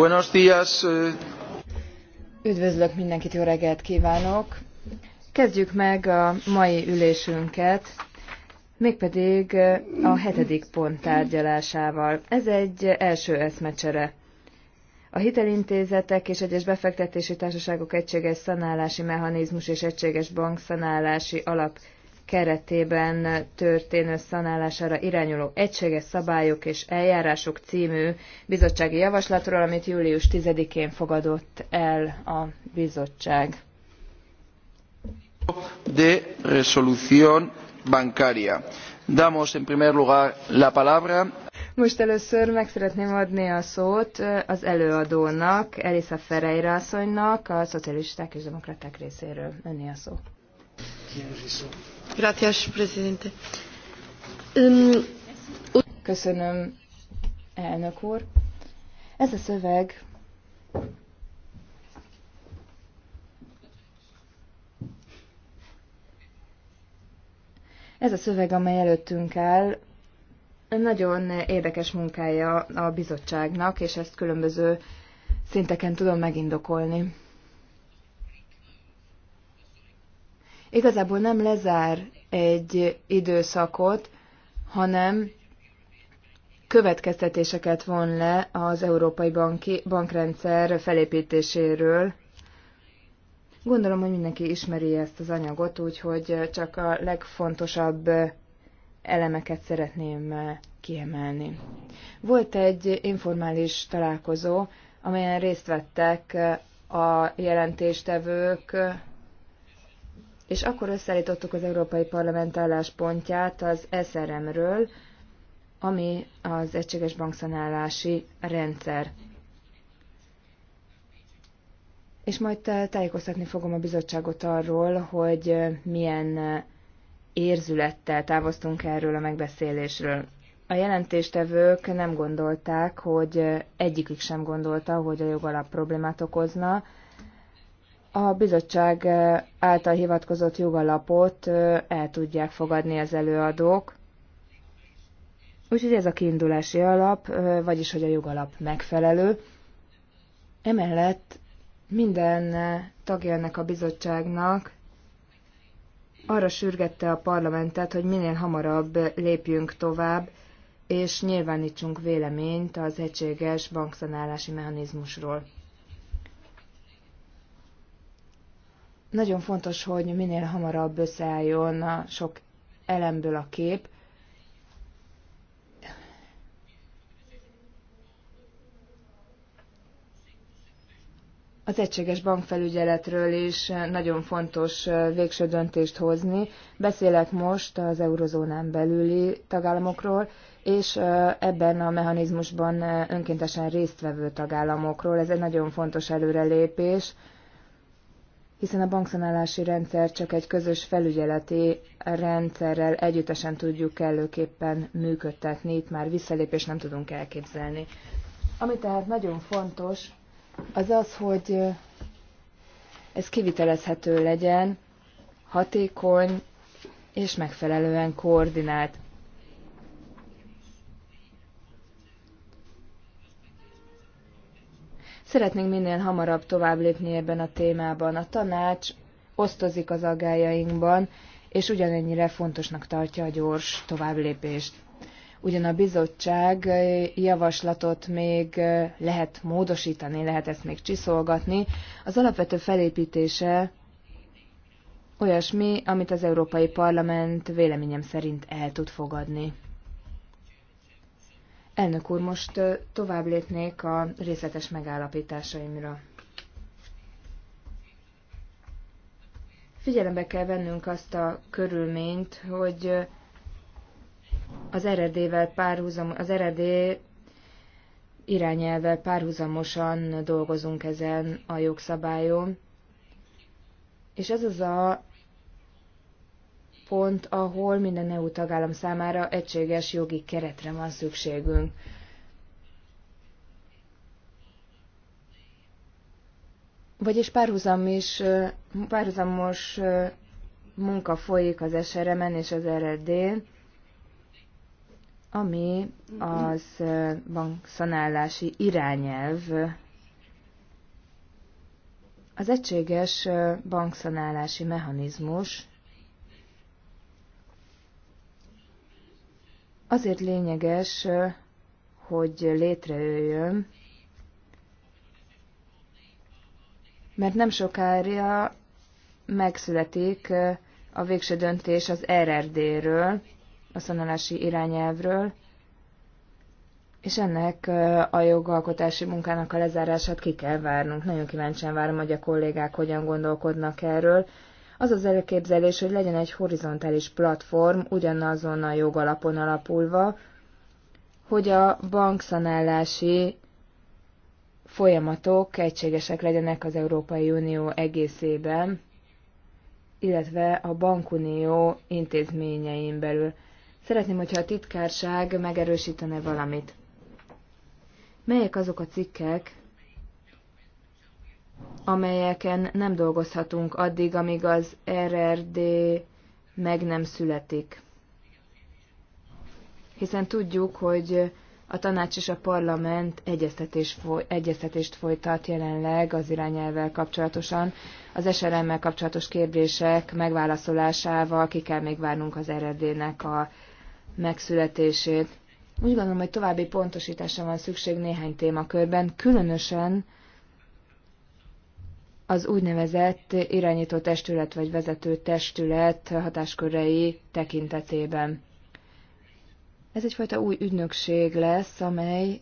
Buenos días. Eh. Üdvözlök mindenkit, jó reggelt kívánok! Kezdjük meg a mai ülésünket, mégpedig eh, a hetedik pont tárgyalásával. Ez egy első eszmecsere. A hitelintézetek és egyes befektetési társaságok egységes szanálási mechanizmus és egységes bankszanálási alap keretében történő szanálására irányuló egységes szabályok és eljárások című bizottsági javaslatról, amit július 10-én fogadott el a bizottság. De resolución bancaria. Damos en primer lugar la palabra. Most először meg szeretném adni a szót az előadónak, Elisa Ferreira asszonynak, a szocialisták és demokraták részéről. Önni a szó. Köszönöm, elnök úr. Ez a szöveg Ez a szöveg, amely előttünk áll, nagyon érdekes munkája a bizottságnak, és ezt különböző szinteken tudom megindokolni. igazából nem lezár egy időszakot, hanem következtetéseket von le az európai banki, bankrendszer felépítéséről. Gondolom, hogy mindenki ismeri ezt az anyagot, úgyhogy csak a legfontosabb elemeket szeretném kiemelni. Volt egy informális találkozó, amelyen részt vettek a jelentéstevők, és akkor összeállítottuk az Európai Parlament álláspontját az SRM-ről, ami az egységes bankszanálási rendszer. És majd tájékoztatni fogom a bizottságot arról, hogy milyen érzülettel távoztunk erről a megbeszélésről. A jelentéstevők nem gondolták, hogy egyikük sem gondolta, hogy a jogalap problémát okozna, a bizottság eh, által hivatkozott jogalapot eh, el tudják fogadni az előadók. Úgyhogy ez a kiindulási alap, eh, vagyis hogy a jogalap megfelelő. Emellett minden tagja ennek a bizottságnak arra sürgette a parlamentet, hogy minél hamarabb lépjünk tovább, és nyilvánítsunk véleményt az egységes bankszanálási mechanizmusról. Nagyon fontos, hogy minél hamarabb összeálljon a sok elemből a kép. Az egységes bankfelügyeletről is nagyon fontos végső döntést hozni. Beszélek most az eurozónán belüli tagállamokról, és ebben a mechanizmusban önkéntesen résztvevő tagállamokról. Ez egy nagyon fontos előrelépés hiszen a bankszanálási rendszer csak egy közös felügyeleti rendszerrel együttesen tudjuk kellőképpen működtetni, itt már visszalépés nem tudunk elképzelni. Ami tehát nagyon fontos, az az, hogy ez kivitelezhető legyen, hatékony és megfelelően koordinált. Szeretnénk minél hamarabb tovább lépni ebben a témában. A tanács osztozik az aggájainkban, és ugyanennyire fontosnak tartja a gyors továbblépést. Ugyan a bizottság javaslatot még lehet módosítani, lehet ezt még csiszolgatni. Az alapvető felépítése olyasmi, amit az Európai Parlament véleményem szerint el tud fogadni. Elnök úr, most tovább lépnék a részletes megállapításaimra. Figyelembe kell vennünk azt a körülményt, hogy az eredével párhuzam, az eredé irányelvel párhuzamosan dolgozunk ezen a jogszabályon, és ez az a pont, ahol minden EU tagállam számára egységes jogi keretre van szükségünk. Vagyis párhuzam is, párhuzamos munka folyik az srm és az RRD-n, ami az bankszanálási irányelv, az egységes bankszanálási mechanizmus Azért lényeges, hogy létrejöjjön, mert nem sokára megszületik a végső döntés az RRD-ről, a szanálási irányelvről, és ennek a jogalkotási munkának a lezárását ki kell várnunk. Nagyon kíváncsian várom, hogy a kollégák hogyan gondolkodnak erről, az az elképzelés, hogy legyen egy horizontális platform ugyanazon a jogalapon alapulva, hogy a bankszanálási folyamatok egységesek legyenek az Európai Unió egészében, illetve a bankunió intézményein belül. Szeretném, hogyha a titkárság megerősítene valamit. Melyek azok a cikkek, amelyeken nem dolgozhatunk addig, amíg az RRD meg nem születik. Hiszen tudjuk, hogy a tanács és a parlament egyeztetés foly, egyeztetést folytat jelenleg az irányelvvel kapcsolatosan. Az SRM-mel kapcsolatos kérdések megválaszolásával ki kell még várnunk az eredének a megszületését. Úgy gondolom, hogy további pontosításra van szükség néhány témakörben, különösen az úgynevezett irányító testület vagy vezető testület hatáskörei tekintetében. Ez egyfajta új ügynökség lesz, amely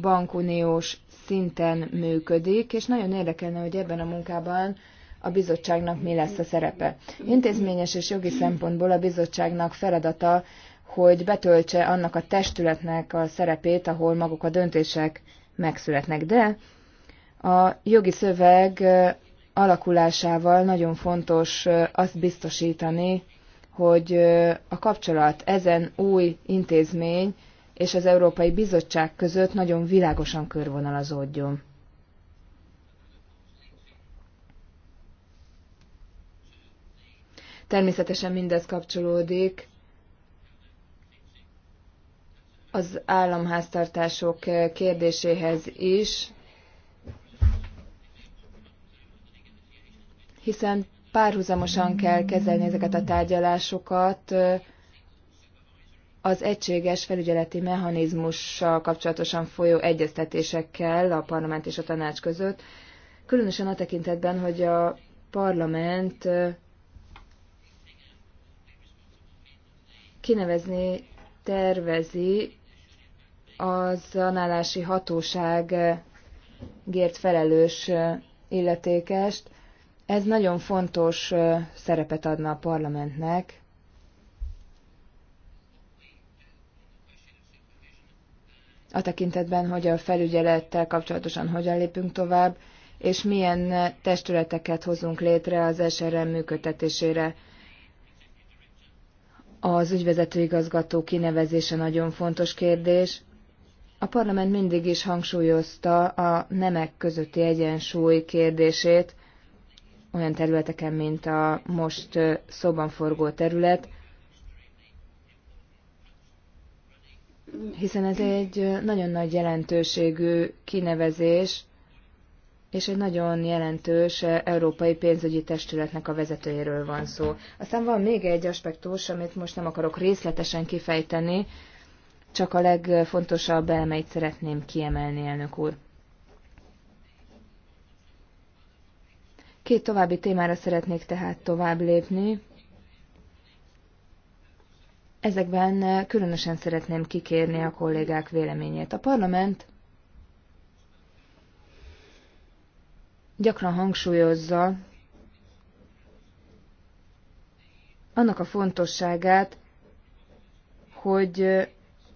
bankuniós szinten működik, és nagyon érdekelne, hogy ebben a munkában a bizottságnak mi lesz a szerepe. Intézményes és jogi szempontból a bizottságnak feladata, hogy betöltse annak a testületnek a szerepét, ahol maguk a döntések megszületnek, de a jogi szöveg alakulásával nagyon fontos azt biztosítani, hogy a kapcsolat ezen új intézmény és az Európai Bizottság között nagyon világosan körvonalazódjon. Természetesen mindez kapcsolódik az államháztartások kérdéséhez is, hiszen párhuzamosan kell kezelni ezeket a tárgyalásokat az egységes felügyeleti mechanizmussal kapcsolatosan folyó egyeztetésekkel a parlament és a tanács között, különösen a tekintetben, hogy a parlament kinevezni tervezi az análási gért felelős illetékest, ez nagyon fontos szerepet adna a parlamentnek, a tekintetben, hogy a felügyelettel kapcsolatosan hogyan lépünk tovább, és milyen testületeket hozunk létre az SRM működtetésére. Az ügyvezetőigazgató kinevezése nagyon fontos kérdés. A parlament mindig is hangsúlyozta a nemek közötti egyensúly kérdését, olyan területeken, mint a most szóban forgó terület, hiszen ez egy nagyon nagy jelentőségű kinevezés, és egy nagyon jelentős európai pénzügyi testületnek a vezetőjéről van szó. Aztán van még egy aspektus, amit most nem akarok részletesen kifejteni, csak a legfontosabb elmeit szeretném kiemelni, elnök úr. Két további témára szeretnék tehát tovább lépni. Ezekben különösen szeretném kikérni a kollégák véleményét. A parlament gyakran hangsúlyozza annak a fontosságát, hogy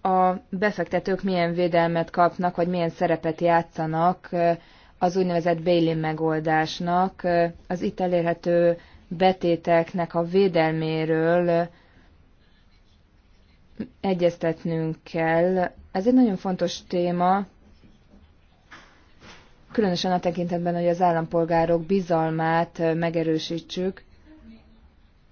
a befektetők milyen védelmet kapnak, vagy milyen szerepet játszanak az úgynevezett bail megoldásnak, az itt elérhető betéteknek a védelméről egyeztetnünk kell. Ez egy nagyon fontos téma, különösen a tekintetben, hogy az állampolgárok bizalmát megerősítsük.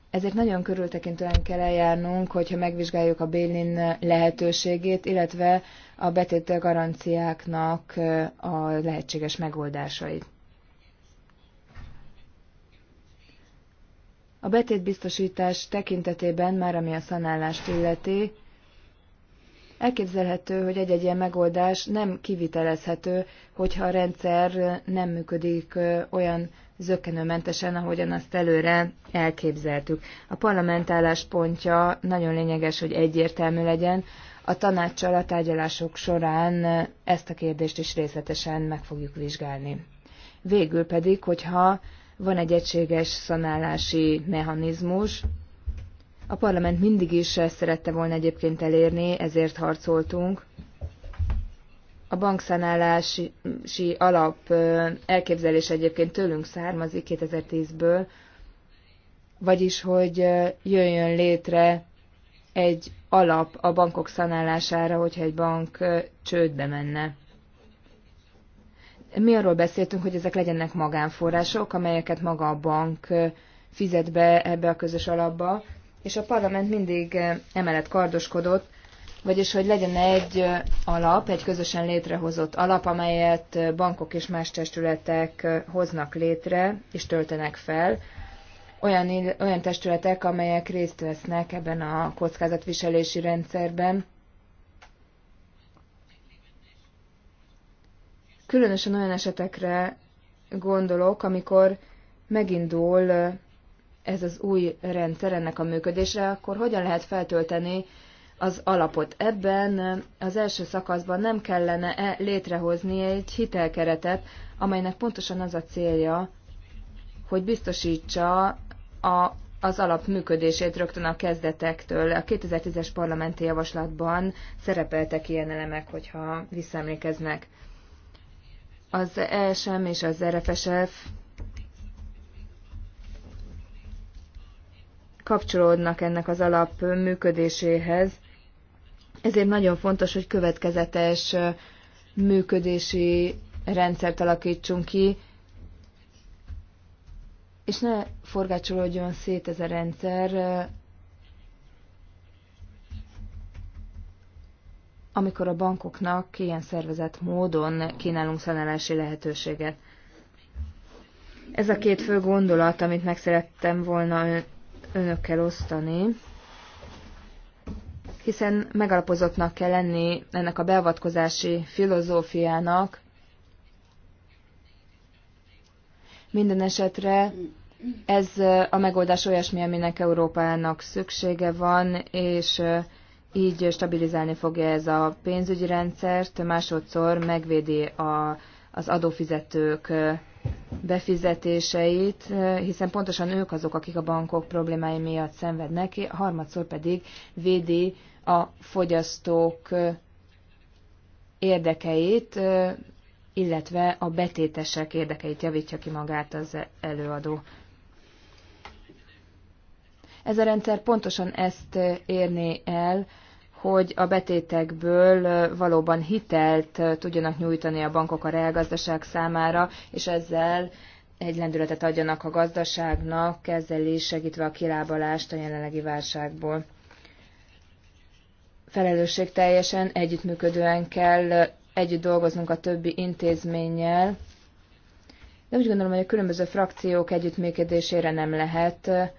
Ezért nagyon körültekintően kell eljárnunk, hogyha megvizsgáljuk a Bélin lehetőségét, illetve a betét garanciáknak a lehetséges megoldásait. A betétbiztosítás tekintetében már ami a szanálást illeti, elképzelhető, hogy egy-egy ilyen megoldás nem kivitelezhető, hogyha a rendszer nem működik olyan zöggenőmentesen, ahogyan azt előre elképzeltük. A parlamentálás pontja nagyon lényeges, hogy egyértelmű legyen, a tanácssal a tárgyalások során ezt a kérdést is részletesen meg fogjuk vizsgálni. Végül pedig, hogyha van egy egységes szanálási mechanizmus, a parlament mindig is ezt szerette volna egyébként elérni, ezért harcoltunk. A bankszanálási alap elképzelés egyébként tőlünk származik 2010-ből, vagyis hogy jöjjön létre egy alap a bankok szanálására, hogyha egy bank csődbe menne. Mi arról beszéltünk, hogy ezek legyenek magánforrások, amelyeket maga a bank fizet be ebbe a közös alapba, és a parlament mindig emellett kardoskodott, vagyis hogy legyen egy alap, egy közösen létrehozott alap, amelyet bankok és más testületek hoznak létre és töltenek fel, olyan, olyan testületek, amelyek részt vesznek ebben a kockázatviselési rendszerben. Különösen olyan esetekre gondolok, amikor megindul ez az új rendszer ennek a működésre, akkor hogyan lehet feltölteni az alapot. Ebben az első szakaszban nem kellene -e létrehozni egy hitelkeretet, amelynek pontosan az a célja, hogy biztosítsa a, az alap működését rögtön a kezdetektől. A 2010-es parlamenti javaslatban szerepeltek ilyen elemek, hogyha visszaemlékeznek. Az ESM és az RFSF kapcsolódnak ennek az alap működéséhez, ezért nagyon fontos, hogy következetes működési rendszert alakítsunk ki, és ne forgácsolódjon szét ez a rendszer, amikor a bankoknak ilyen szervezett módon kínálunk szanálási lehetőséget. Ez a két fő gondolat, amit meg szerettem volna önökkel osztani, hiszen megalapozottnak kell lenni ennek a beavatkozási filozófiának, Minden esetre ez a megoldás olyasmi, aminek Európának szüksége van, és így stabilizálni fogja ez a pénzügyi rendszert, másodszor megvédi a, az adófizetők befizetéseit, hiszen pontosan ők azok, akik a bankok problémái miatt szenvednek, harmadszor pedig védi a fogyasztók érdekeit, illetve a betétesek érdekeit javítja ki magát az előadó. Ez a rendszer pontosan ezt érné el, hogy a betétekből valóban hitelt tudjanak nyújtani a bankok a reálgazdaság számára, és ezzel egy lendületet adjanak a gazdaságnak, ezzel is segítve a kilábalást a jelenlegi válságból. Felelősségteljesen, együttműködően kell együtt dolgozunk a többi intézménnyel, de úgy gondolom, hogy a különböző frakciók együttműködésére nem lehet eh,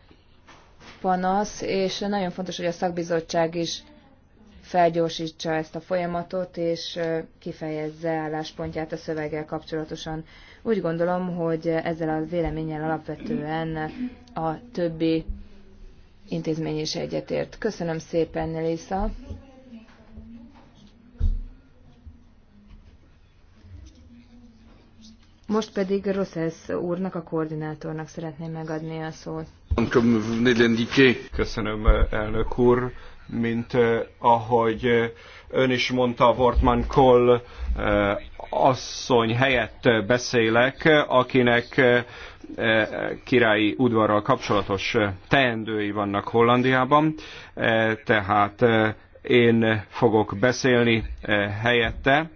panasz, és nagyon fontos, hogy a szakbizottság is felgyorsítsa ezt a folyamatot, és eh, kifejezze álláspontját a szöveggel kapcsolatosan. Úgy gondolom, hogy ezzel a véleménnyel alapvetően a többi intézmény is egyetért. Köszönöm szépen, Elisa. Most pedig Rosszesz úrnak, a koordinátornak szeretném megadni a szót. Köszönöm, elnök úr. Mint eh, ahogy eh, ön is mondta, Wortmann Koll eh, asszony helyett beszélek, akinek királyi udvarral kapcsolatos teendői vannak Hollandiában, tehát én fogok beszélni helyette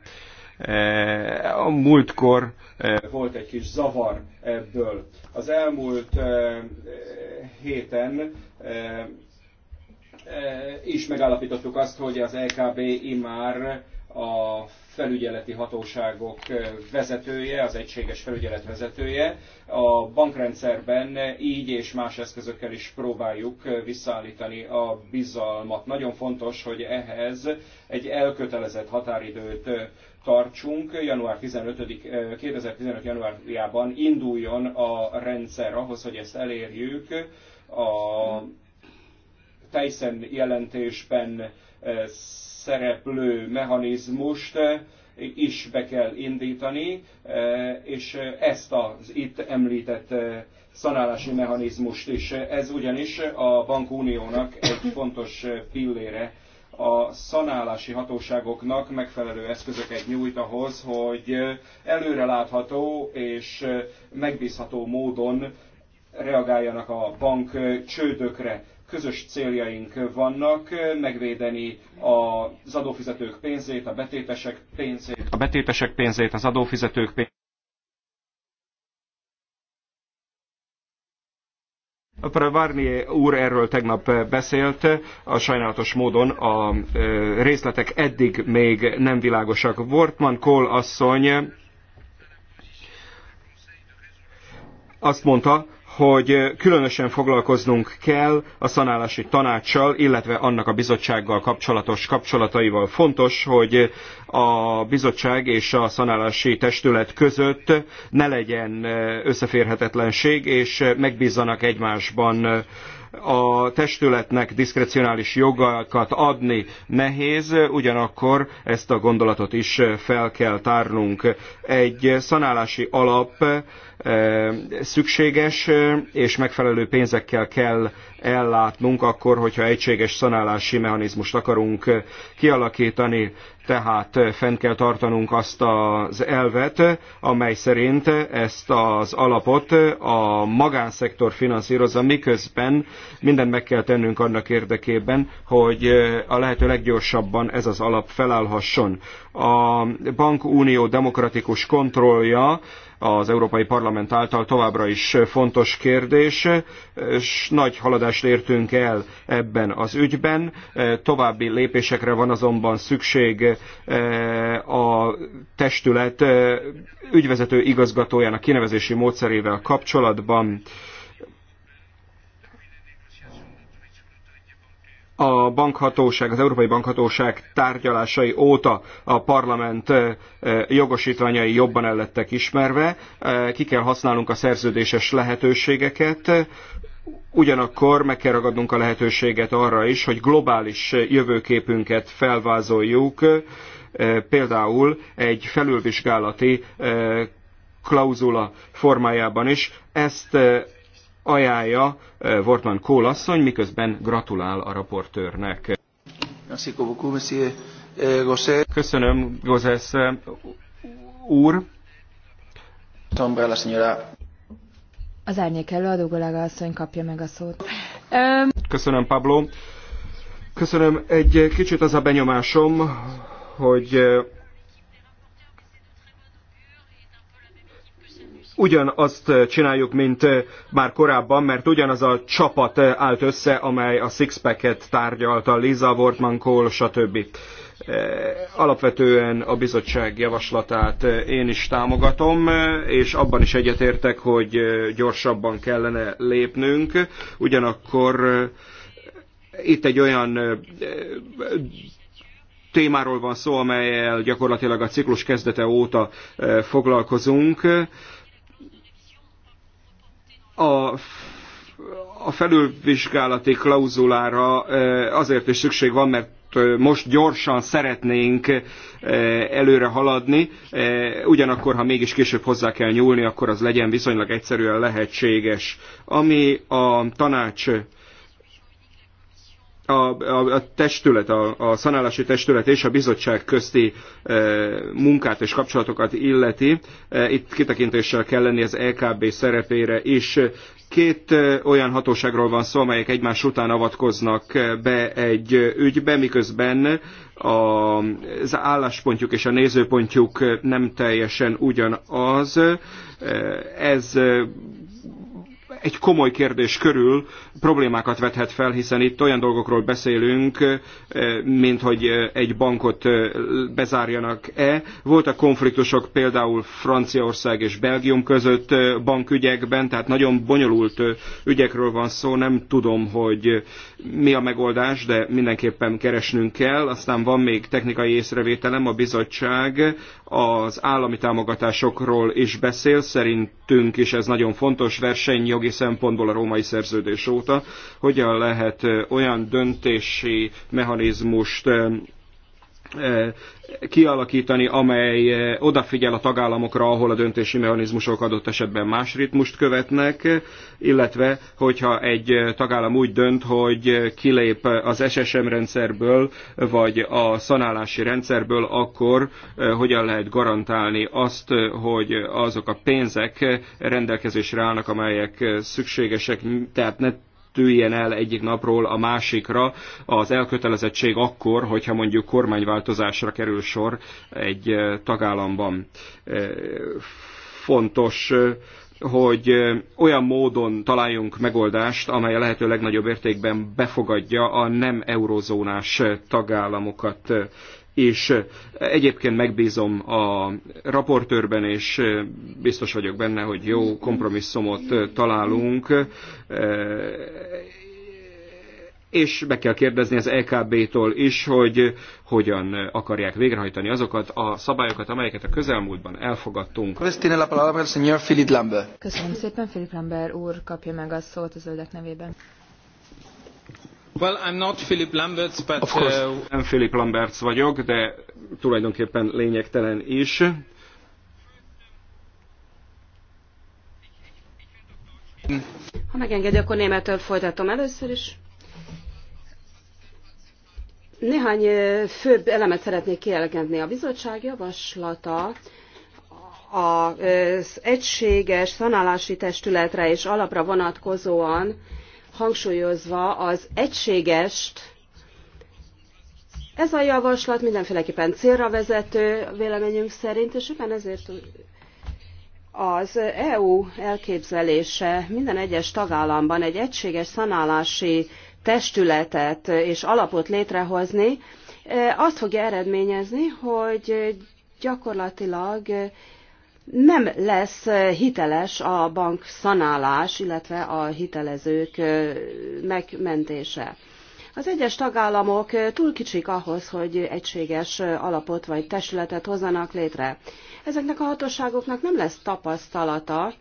Eh, a múltkor eh, volt egy kis zavar ebből. Az elmúlt eh, héten is megállapítottuk azt, hogy az LKB e imár a felügyeleti hatóságok vezetője, az egységes felügyelet vezetője. A bankrendszerben így és más eszközökkel is próbáljuk visszaállítani a bizalmat. Nagyon fontos, hogy ehhez egy elkötelezett határidőt tartsunk, január 15 2015 eh, januárjában induljon a rendszer ahhoz, hogy ezt elérjük. A Tyson jelentésben eh, szereplő mechanizmust eh, is be kell indítani, és ezt az itt említett szanálási mechanizmust is. Ez ugyanis a bankuniónak egy fontos pillére a szanálási hatóságoknak megfelelő eszközöket nyújt ahhoz, hogy előrelátható és megbízható módon reagáljanak a bank csődökre. Közös céljaink vannak megvédeni az adófizetők pénzét, a betétesek pénzét. A betétesek pénzét, az adófizetők pénzét Varnier úr erről tegnap eh, beszélt, eh, a sajnálatos módon a eh, részletek eddig még nem világosak. Wortman Kohl asszony azt mondta, hogy különösen foglalkoznunk kell a szanálási tanácssal, illetve annak a bizottsággal kapcsolatos kapcsolataival. Fontos, hogy a bizottság és a szanálási testület között ne legyen összeférhetetlenség, és megbízzanak egymásban a testületnek diszkrecionális jogakat adni nehéz, ugyanakkor ezt a gondolatot is fel kell tárnunk. Egy szanálási alap szükséges, és megfelelő pénzekkel kell ellátnunk akkor, hogyha egységes szanálási mechanizmust akarunk kialakítani. Tehát fent kell tartanunk azt az elvet, amely szerint ezt az alapot a magánszektor finanszírozza, miközben mindent meg kell tennünk annak érdekében, hogy a lehető leggyorsabban ez az alap felállhasson. A bankunió demokratikus kontrollja az Európai Parlament által továbbra is fontos kérdés, és nagy haladást értünk el ebben az ügyben. E, további lépésekre van azonban szükség e, a testület e, ügyvezető igazgatójának kinevezési módszerével kapcsolatban. a bankhatóság, az Európai Bankhatóság tárgyalásai óta a parlament eh, eh, jogosítványai jobban ellettek ismerve, eh, ki kell használnunk a szerződéses lehetőségeket, ugyanakkor meg kell ragadnunk a lehetőséget arra is, hogy globális jövőképünket felvázoljuk, például egy felülvizsgálati klauzula formájában is. Ezt ajánlja eh, Wortmann Kohl asszony, miközben gratulál a raportőrnek. Eh, Köszönöm, Gozes eh, úr. Az árnyék előadó Golega asszony kapja meg a szót. Köszönöm, Pablo. Köszönöm. Egy kicsit az a benyomásom, hogy ugyanazt eh, csináljuk, mint eh, már korábban, mert ugyanaz a csapat eh, állt össze, amely a Sixpack-et tárgyalta, Liza, Wortman, Cole, stb. Alapvetően a bizottság javaslatát én is támogatom, és abban is egyetértek, hogy gyorsabban kellene lépnünk. Ugyanakkor itt egy olyan témáról van szó, amelyel gyakorlatilag a ciklus kezdete óta foglalkozunk a a felülvizsgálati klauzulára e, azért is szükség van, mert e, most gyorsan szeretnénk e, előre haladni, ugyanakkor, ha mégis később hozzá kell nyúlni, akkor az legyen viszonylag egyszerűen lehetséges. Ami a tanács a, a, a testület, a, a szanálási testület és a bizottság közti e, munkát és kapcsolatokat illeti. E, itt kitekintéssel kell lenni az LKB e szerepére is. Két e, olyan hatóságról van szó, amelyek egymás után avatkoznak e, be egy ügybe, miközben a, az álláspontjuk és a nézőpontjuk nem teljesen ugyanaz. E, ez egy komoly kérdés körül problémákat vethet fel, hiszen itt olyan dolgokról beszélünk, eh, mint hogy eh, egy bankot eh, bezárjanak-e. Voltak konfliktusok például Franciaország és Belgium között bankügyekben, tehát nagyon bonyolult ügyekről van szó, nem tudom, hogy mi a megoldás, de mindenképpen keresnünk kell. Aztán van még technikai észrevételem, a bizottság az állami támogatásokról is beszél, szerintünk is ez nagyon fontos versenyjogi szempontból a római szerződés óta, hogyan lehet olyan döntési mechanizmust kialakítani, amely eh, odafigyel a tagállamokra, ahol a döntési mechanizmusok adott esetben más ritmust követnek, illetve hogyha egy eh, tagállam úgy dönt, hogy eh, kilép az SSM rendszerből, vagy a szanálási rendszerből, akkor hogyan lehet garantálni azt, hogy azok a pénzek rendelkezésre állnak, amelyek szükségesek, tehát ne tűjjen el egyik napról a másikra az elkötelezettség akkor, hogyha mondjuk kormányváltozásra kerül sor egy tagállamban. Fontos hogy olyan módon találjunk megoldást, amely a lehető legnagyobb értékben befogadja a nem eurozónás tagállamokat és eh, egyébként megbízom a raportőrben, és eh, biztos vagyok benne, hogy jó kompromisszumot eh, találunk és meg kell kérdezni az LKB-tól e is, hogy hogyan akarják végrehajtani azokat a szabályokat, amelyeket a közelmúltban elfogadtunk. Köszönöm szépen, Philip Lambert úr kapja meg a szót a zöldek nevében. Well, I'm not Philip Lamberts, but... Of course, nem uh, Philip Lamberts vagyok, de tulajdonképpen lényegtelen is. Ha megengedi, akkor németől folytatom először is. Néhány főbb elemet szeretnék kielegedni. A bizottság javaslata az egységes szanálási testületre és alapra vonatkozóan hangsúlyozva az egységest, ez a javaslat mindenféleképpen célra vezető véleményünk szerint, és éppen ezért az EU elképzelése minden egyes tagállamban egy egységes szanálási testületet és alapot létrehozni, eh, azt fogja eredményezni, hogy gyakorlatilag nem lesz eh, hiteles a bank szanálás, illetve a hitelezők eh, megmentése. Az egyes tagállamok eh, túl kicsik ahhoz, hogy egységes alapot vagy testületet hozzanak létre. Ezeknek a hatóságoknak nem lesz tapasztalata,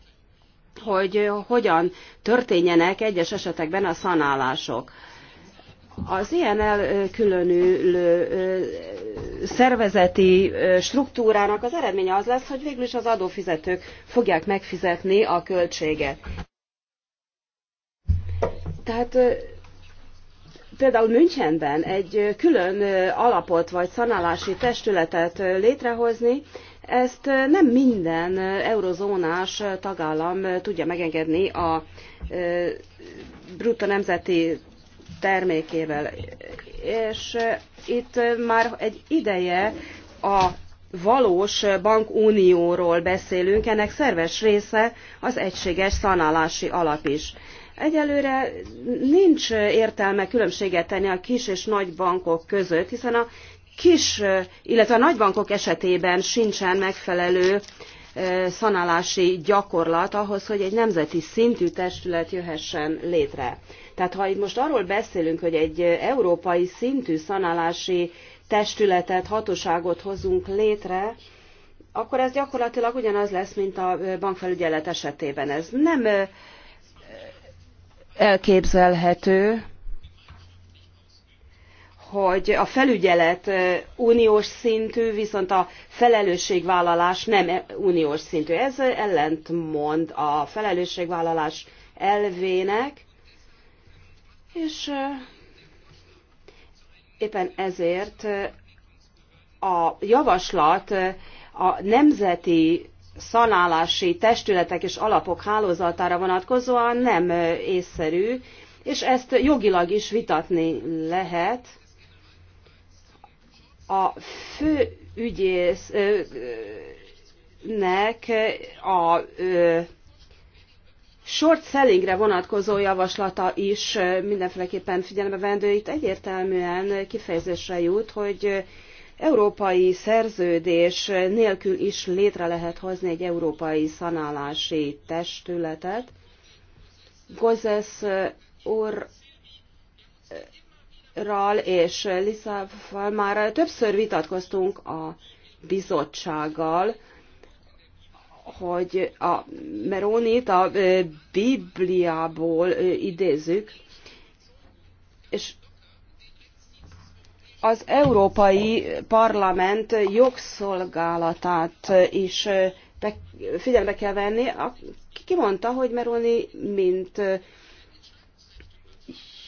hogy hogyan történjenek egyes esetekben a szanálások. Az ilyen elkülönülő szervezeti struktúrának az eredménye az lesz, hogy végül is az adófizetők fogják megfizetni a költséget. Tehát például Münchenben egy külön alapot vagy szanálási testületet létrehozni, ezt nem minden eurozónás tagállam tudja megengedni a brutto nemzeti termékével. És itt már egy ideje a valós bankunióról beszélünk, ennek szerves része az egységes szanálási alap is. Egyelőre nincs értelme különbséget tenni a kis és nagy bankok között, hiszen a kis, illetve a nagy bankok esetében sincsen megfelelő szanálási gyakorlat ahhoz, hogy egy nemzeti szintű testület jöhessen létre. Tehát ha itt most arról beszélünk, hogy egy európai szintű szanálási testületet, hatóságot hozunk létre, akkor ez gyakorlatilag ugyanaz lesz, mint a bankfelügyelet esetében. Ez nem elképzelhető, hogy a felügyelet uniós szintű, viszont a felelősségvállalás nem e- uniós szintű. Ez ellentmond a felelősségvállalás elvének, és éppen ezért a javaslat a nemzeti szanálási testületek és alapok hálózatára vonatkozóan nem észszerű, és ezt jogilag is vitatni lehet a fő ügyésznek a short sellingre vonatkozó javaslata is mindenféleképpen figyelembe vendő. Itt egyértelműen kifejezésre jut, hogy európai szerződés nélkül is létre lehet hozni egy európai szanálási testületet. Gozes úr Ral és Liszával már többször vitatkoztunk a bizottsággal, hogy a Merónit a Bibliából idézzük, és az Európai Parlament jogszolgálatát is figyelme kell venni, Ki mondta, hogy Meroni, mint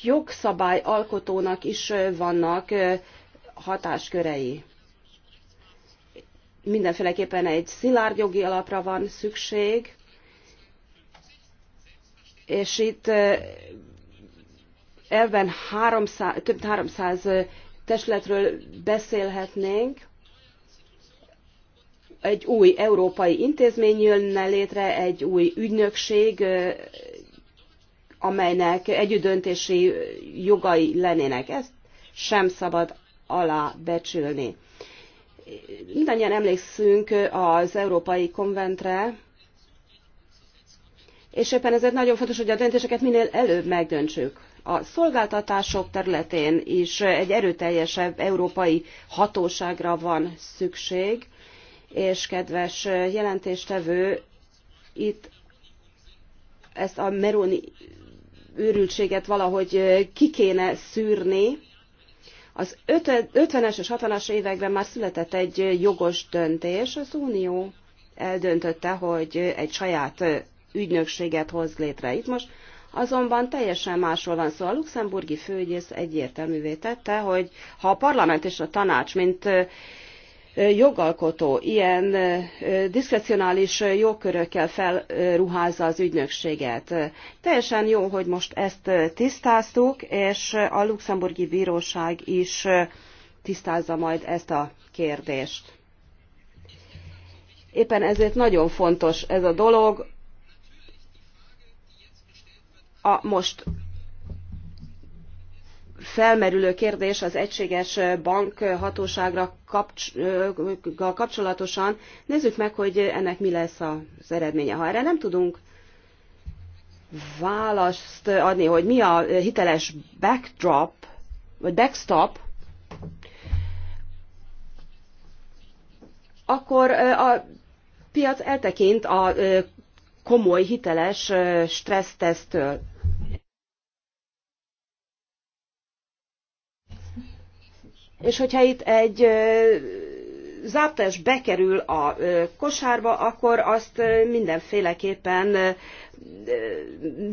jogszabályalkotónak alkotónak is vannak hatáskörei. Mindenféleképpen egy szilárd jogi alapra van szükség, és itt elven 300, több 300 testületről beszélhetnénk. Egy új európai intézmény jönne létre, egy új ügynökség amelynek együttdöntési jogai lennének. Ezt sem szabad alábecsülni. Mindannyian emlékszünk az Európai Konventre, és éppen ezért nagyon fontos, hogy a döntéseket minél előbb megdöntsük. A szolgáltatások területén is egy erőteljesebb európai hatóságra van szükség, és kedves jelentéstevő, itt ezt a Meroni őrültséget valahogy ki kéne szűrni. Az 50-es és 60-as években már született egy jogos döntés, az Unió eldöntötte, hogy egy saját ügynökséget hoz létre. Itt most azonban teljesen másról van szó. A luxemburgi főügyész egyértelművé tette, hogy ha a parlament és a tanács, mint jogalkotó ilyen diszkrecionális jogkörökkel felruházza az ügynökséget. Teljesen jó, hogy most ezt tisztáztuk, és a luxemburgi bíróság is tisztázza majd ezt a kérdést. Éppen ezért nagyon fontos ez a dolog. A most felmerülő kérdés az egységes bankhatóságra kapcs kapcsolatosan. Nézzük meg, hogy ennek mi lesz az eredménye. Ha erre nem tudunk választ adni, hogy mi a hiteles backdrop, vagy backstop, akkor a piac eltekint a komoly hiteles stressztesztől. És hogyha itt egy zártes bekerül a kosárba, akkor azt mindenféleképpen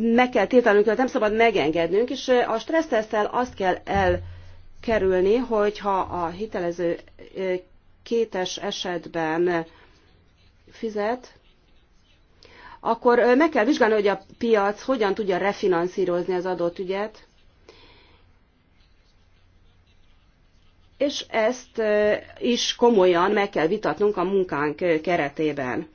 meg kell tiltanunk, nem szabad megengednünk, és a stressztesztel azt kell elkerülni, hogyha a hitelező kétes esetben fizet, akkor meg kell vizsgálni, hogy a piac hogyan tudja refinanszírozni az adott ügyet, és ezt is komolyan meg kell vitatnunk a munkánk keretében.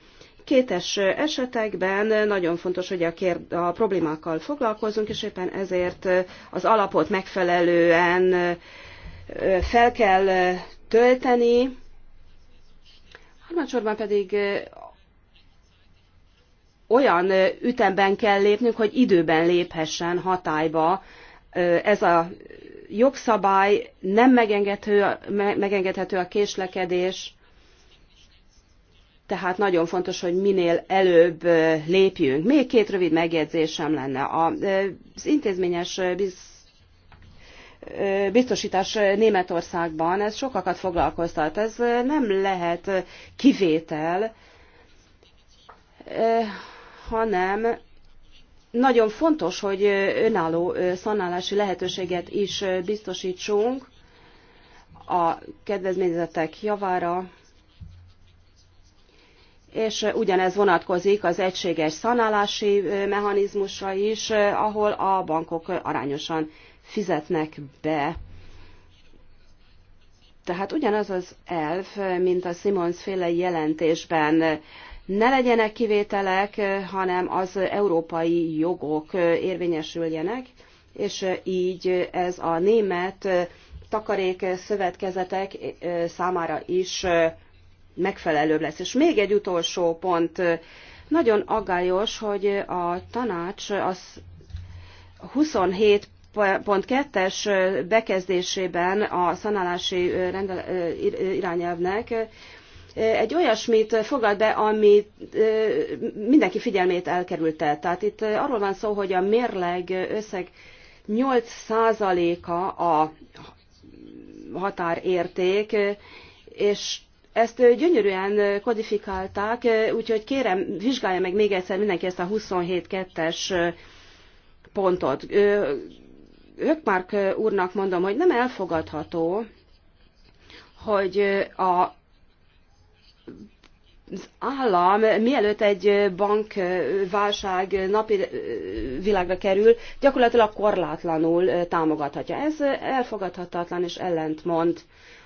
Kétes esetekben nagyon fontos, hogy a, kér, a problémákkal foglalkozunk, és éppen ezért az alapot megfelelően fel kell tölteni, harmadsorban pedig olyan ütemben kell lépnünk, hogy időben léphessen hatályba ez a jogszabály nem megengedhető, megengedhető a késlekedés, tehát nagyon fontos, hogy minél előbb lépjünk. Még két rövid megjegyzésem lenne. Az intézményes biz biztosítás Németországban, ez sokakat foglalkoztat, ez nem lehet kivétel, hanem nagyon fontos, hogy önálló szanálási lehetőséget is biztosítsunk a kedvezményezetek javára, és ugyanez vonatkozik az egységes szanálási mechanizmusra is, ahol a bankok arányosan fizetnek be. Tehát ugyanaz az elv, mint a Simons féle jelentésben ne legyenek kivételek, hanem az európai jogok érvényesüljenek, és így ez a német takarék szövetkezetek számára is megfelelőbb lesz. És még egy utolsó pont. Nagyon aggályos, hogy a tanács az 27 pont kettes bekezdésében a szanálási irányelvnek egy olyasmit fogad be, ami mindenki figyelmét elkerülte. Tehát itt arról van szó, hogy a mérleg összeg 8%-a a határérték, és ezt gyönyörűen kodifikálták, úgyhogy kérem, vizsgálja meg még egyszer mindenki ezt a 27.2-es pontot. Hökmark úrnak mondom, hogy nem elfogadható, hogy a az állam mielőtt egy bankválság napi világra kerül, gyakorlatilag korlátlanul támogathatja. Ez elfogadhatatlan és ellentmond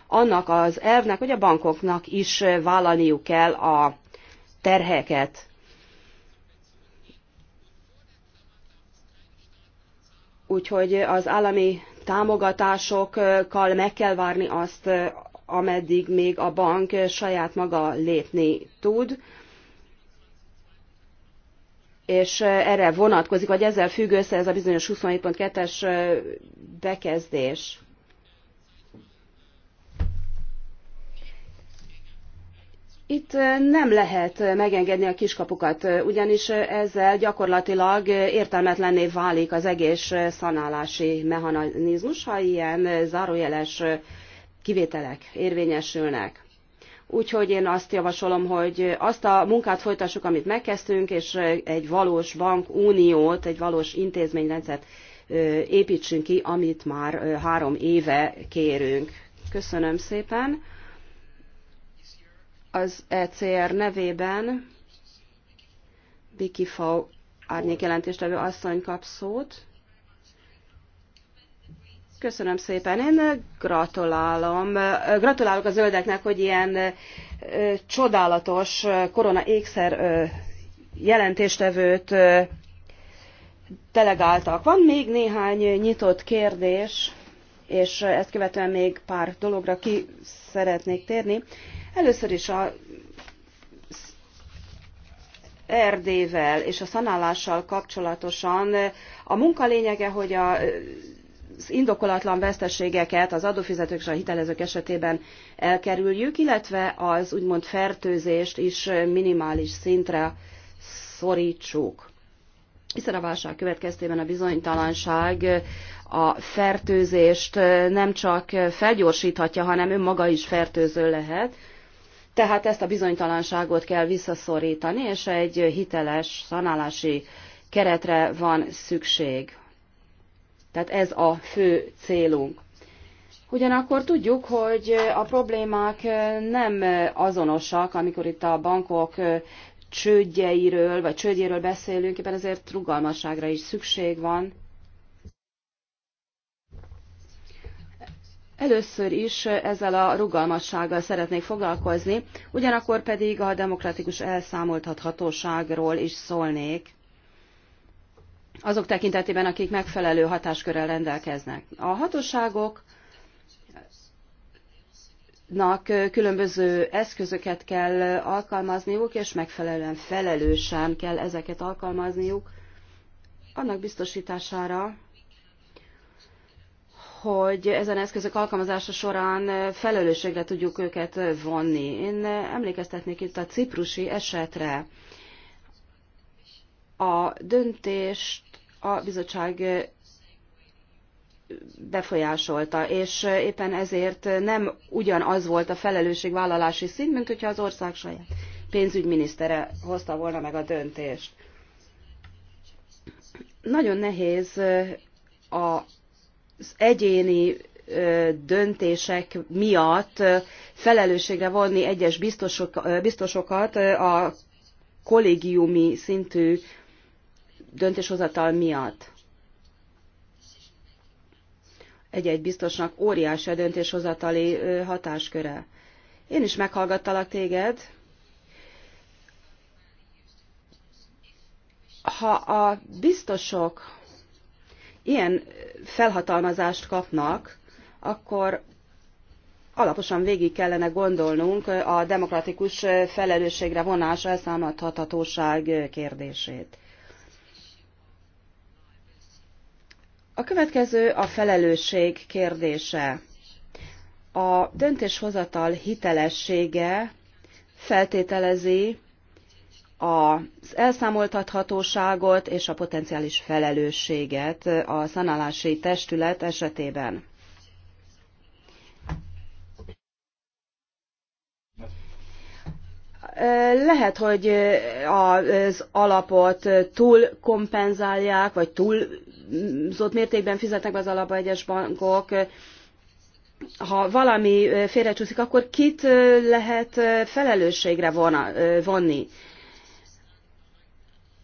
annak az elvnek, hogy a bankoknak is vállalniuk kell a terheket. Úgyhogy az állami támogatásokkal meg kell várni azt, ameddig még a bank saját maga lépni tud, és erre vonatkozik, vagy ezzel függ össze ez a bizonyos 27.2-es bekezdés. Itt nem lehet megengedni a kiskapukat, ugyanis ezzel gyakorlatilag értelmetlenné válik az egész szanálási mechanizmus, ha ilyen zárójeles kivételek érvényesülnek. Úgyhogy én azt javasolom, hogy azt a munkát folytassuk, amit megkezdtünk, és egy valós bankuniót, egy valós intézményrendszert építsünk ki, amit már három éve kérünk. Köszönöm szépen. Az ECR nevében Biki Fau árnyékjelentéstevő asszony kap szót. Köszönöm szépen. Én gratulálom. Gratulálok a zöldeknek, hogy ilyen csodálatos korona ékszer jelentéstevőt delegáltak. Van még néhány nyitott kérdés, és ezt követően még pár dologra ki szeretnék térni. Először is a Erdével és a szanálással kapcsolatosan a munka lényege, hogy a indokolatlan veszteségeket az adófizetők és a hitelezők esetében elkerüljük, illetve az úgymond fertőzést is minimális szintre szorítsuk. Hiszen a válság következtében a bizonytalanság a fertőzést nem csak felgyorsíthatja, hanem önmaga is fertőző lehet. Tehát ezt a bizonytalanságot kell visszaszorítani, és egy hiteles szanálási keretre van szükség tehát ez a fő célunk. Ugyanakkor tudjuk, hogy a problémák nem azonosak, amikor itt a bankok csődjeiről vagy csődjéről beszélünk, éppen ezért rugalmasságra is szükség van. Először is ezzel a rugalmassággal szeretnék foglalkozni, ugyanakkor pedig a demokratikus elszámoltathatóságról is szólnék azok tekintetében, akik megfelelő hatáskörrel rendelkeznek. A hatóságoknak különböző eszközöket kell alkalmazniuk, és megfelelően felelősen kell ezeket alkalmazniuk, annak biztosítására, hogy ezen eszközök alkalmazása során felelősségre tudjuk őket vonni. Én emlékeztetnék itt a ciprusi esetre. A döntést a bizottság befolyásolta, és éppen ezért nem ugyanaz volt a felelősségvállalási szint, mint hogyha az ország saját pénzügyminisztere hozta volna meg a döntést. Nagyon nehéz az egyéni döntések miatt felelősségre vonni egyes biztosok, biztosokat a kollégiumi szintű döntéshozatal miatt. Egy-egy biztosnak óriási a döntéshozatali hatásköre. Én is meghallgattalak téged. Ha a biztosok ilyen felhatalmazást kapnak, akkor alaposan végig kellene gondolnunk a demokratikus felelősségre vonás elszámadhatatóság kérdését. A következő a felelősség kérdése. A döntéshozatal hitelessége feltételezi az elszámoltathatóságot és a potenciális felelősséget a szanálási testület esetében. Lehet, hogy az alapot túl kompenzálják, vagy túl túlzott mértékben fizetnek be az alapba egyes bankok. Ha valami félrecsúszik, akkor kit lehet felelősségre vonni?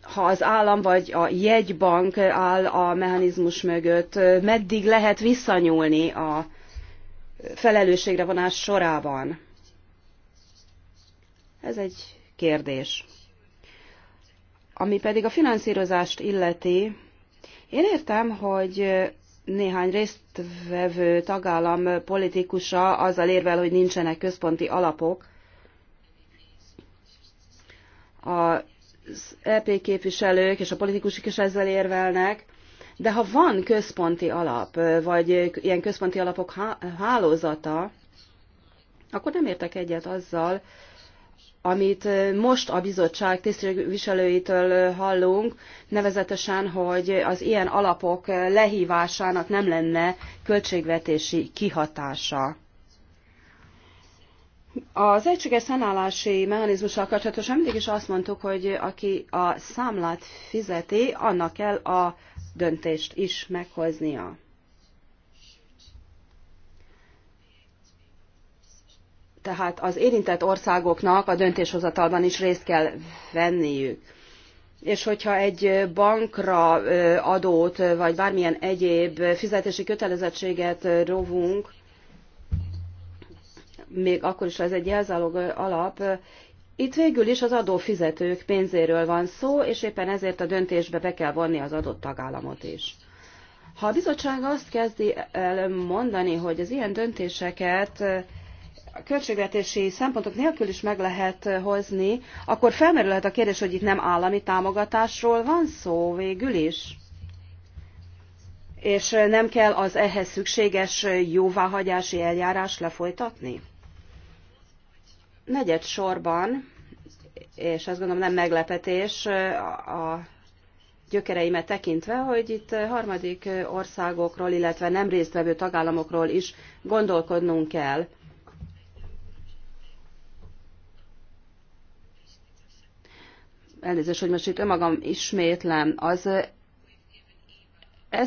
ha az állam vagy a jegybank áll a mechanizmus mögött, meddig lehet visszanyúlni a felelősségre vonás sorában? Ez egy kérdés. Ami pedig a finanszírozást illeti, én értem, hogy néhány résztvevő tagállam politikusa azzal érvel, hogy nincsenek központi alapok. Az EP képviselők és a politikusok is ezzel érvelnek, de ha van központi alap, vagy ilyen központi alapok hálózata, akkor nem értek egyet azzal, amit most a bizottság tisztviselőitől hallunk, nevezetesen, hogy az ilyen alapok lehívásának nem lenne költségvetési kihatása. Az egységes szenállási mechanizmussal kapcsolatosan mindig is azt mondtuk, hogy aki a számlát fizeti, annak kell a döntést is meghoznia. tehát az érintett országoknak a döntéshozatalban is részt kell venniük. És hogyha egy bankra adót, vagy bármilyen egyéb fizetési kötelezettséget rovunk, még akkor is ez egy jelzálog alap, itt végül is az adófizetők pénzéről van szó, és éppen ezért a döntésbe be kell vonni az adott tagállamot is. Ha a bizottság azt kezdi el mondani, hogy az ilyen döntéseket a költségvetési szempontok nélkül is meg lehet hozni, akkor felmerülhet a kérdés, hogy itt nem állami támogatásról van szó végül is. És nem kell az ehhez szükséges jóváhagyási eljárás lefolytatni? Negyed sorban, és azt gondolom nem meglepetés, a gyökereimet tekintve, hogy itt harmadik országokról, illetve nem résztvevő tagállamokról is gondolkodnunk kell elnézést, hogy most itt önmagam ismétlem, az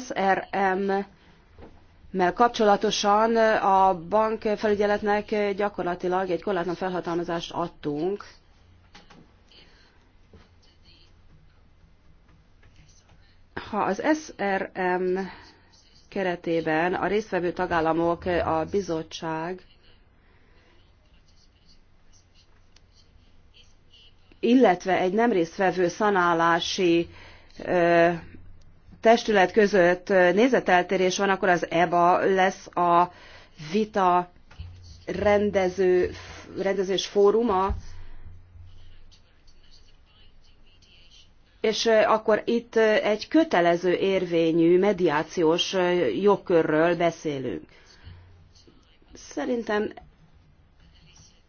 SRM-mel kapcsolatosan a bankfelügyeletnek gyakorlatilag egy korlátlan felhatalmazást adtunk, ha az SRM keretében a résztvevő tagállamok, a bizottság illetve egy nem résztvevő szanálási testület között nézeteltérés van, akkor az EBA lesz a vita rendező, rendezés fóruma, és akkor itt egy kötelező érvényű mediációs jogkörről beszélünk. Szerintem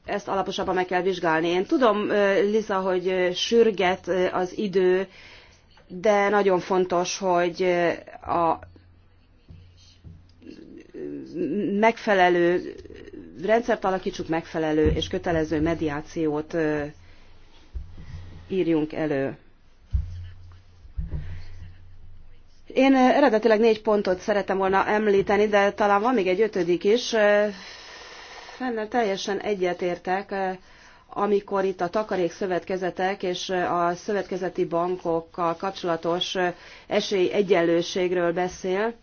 ezt alaposabban meg kell vizsgálni. Én tudom, Liza, hogy sürget az idő, de nagyon fontos, hogy a megfelelő rendszert alakítsuk megfelelő és kötelező mediációt írjunk elő. Én eredetileg négy pontot szerettem volna említeni, de talán van még egy ötödik is. Fennel teljesen egyetértek, eh, amikor itt a takarékszövetkezetek és eh, a szövetkezeti bankokkal kapcsolatos eh, esélyegyenlőségről beszél.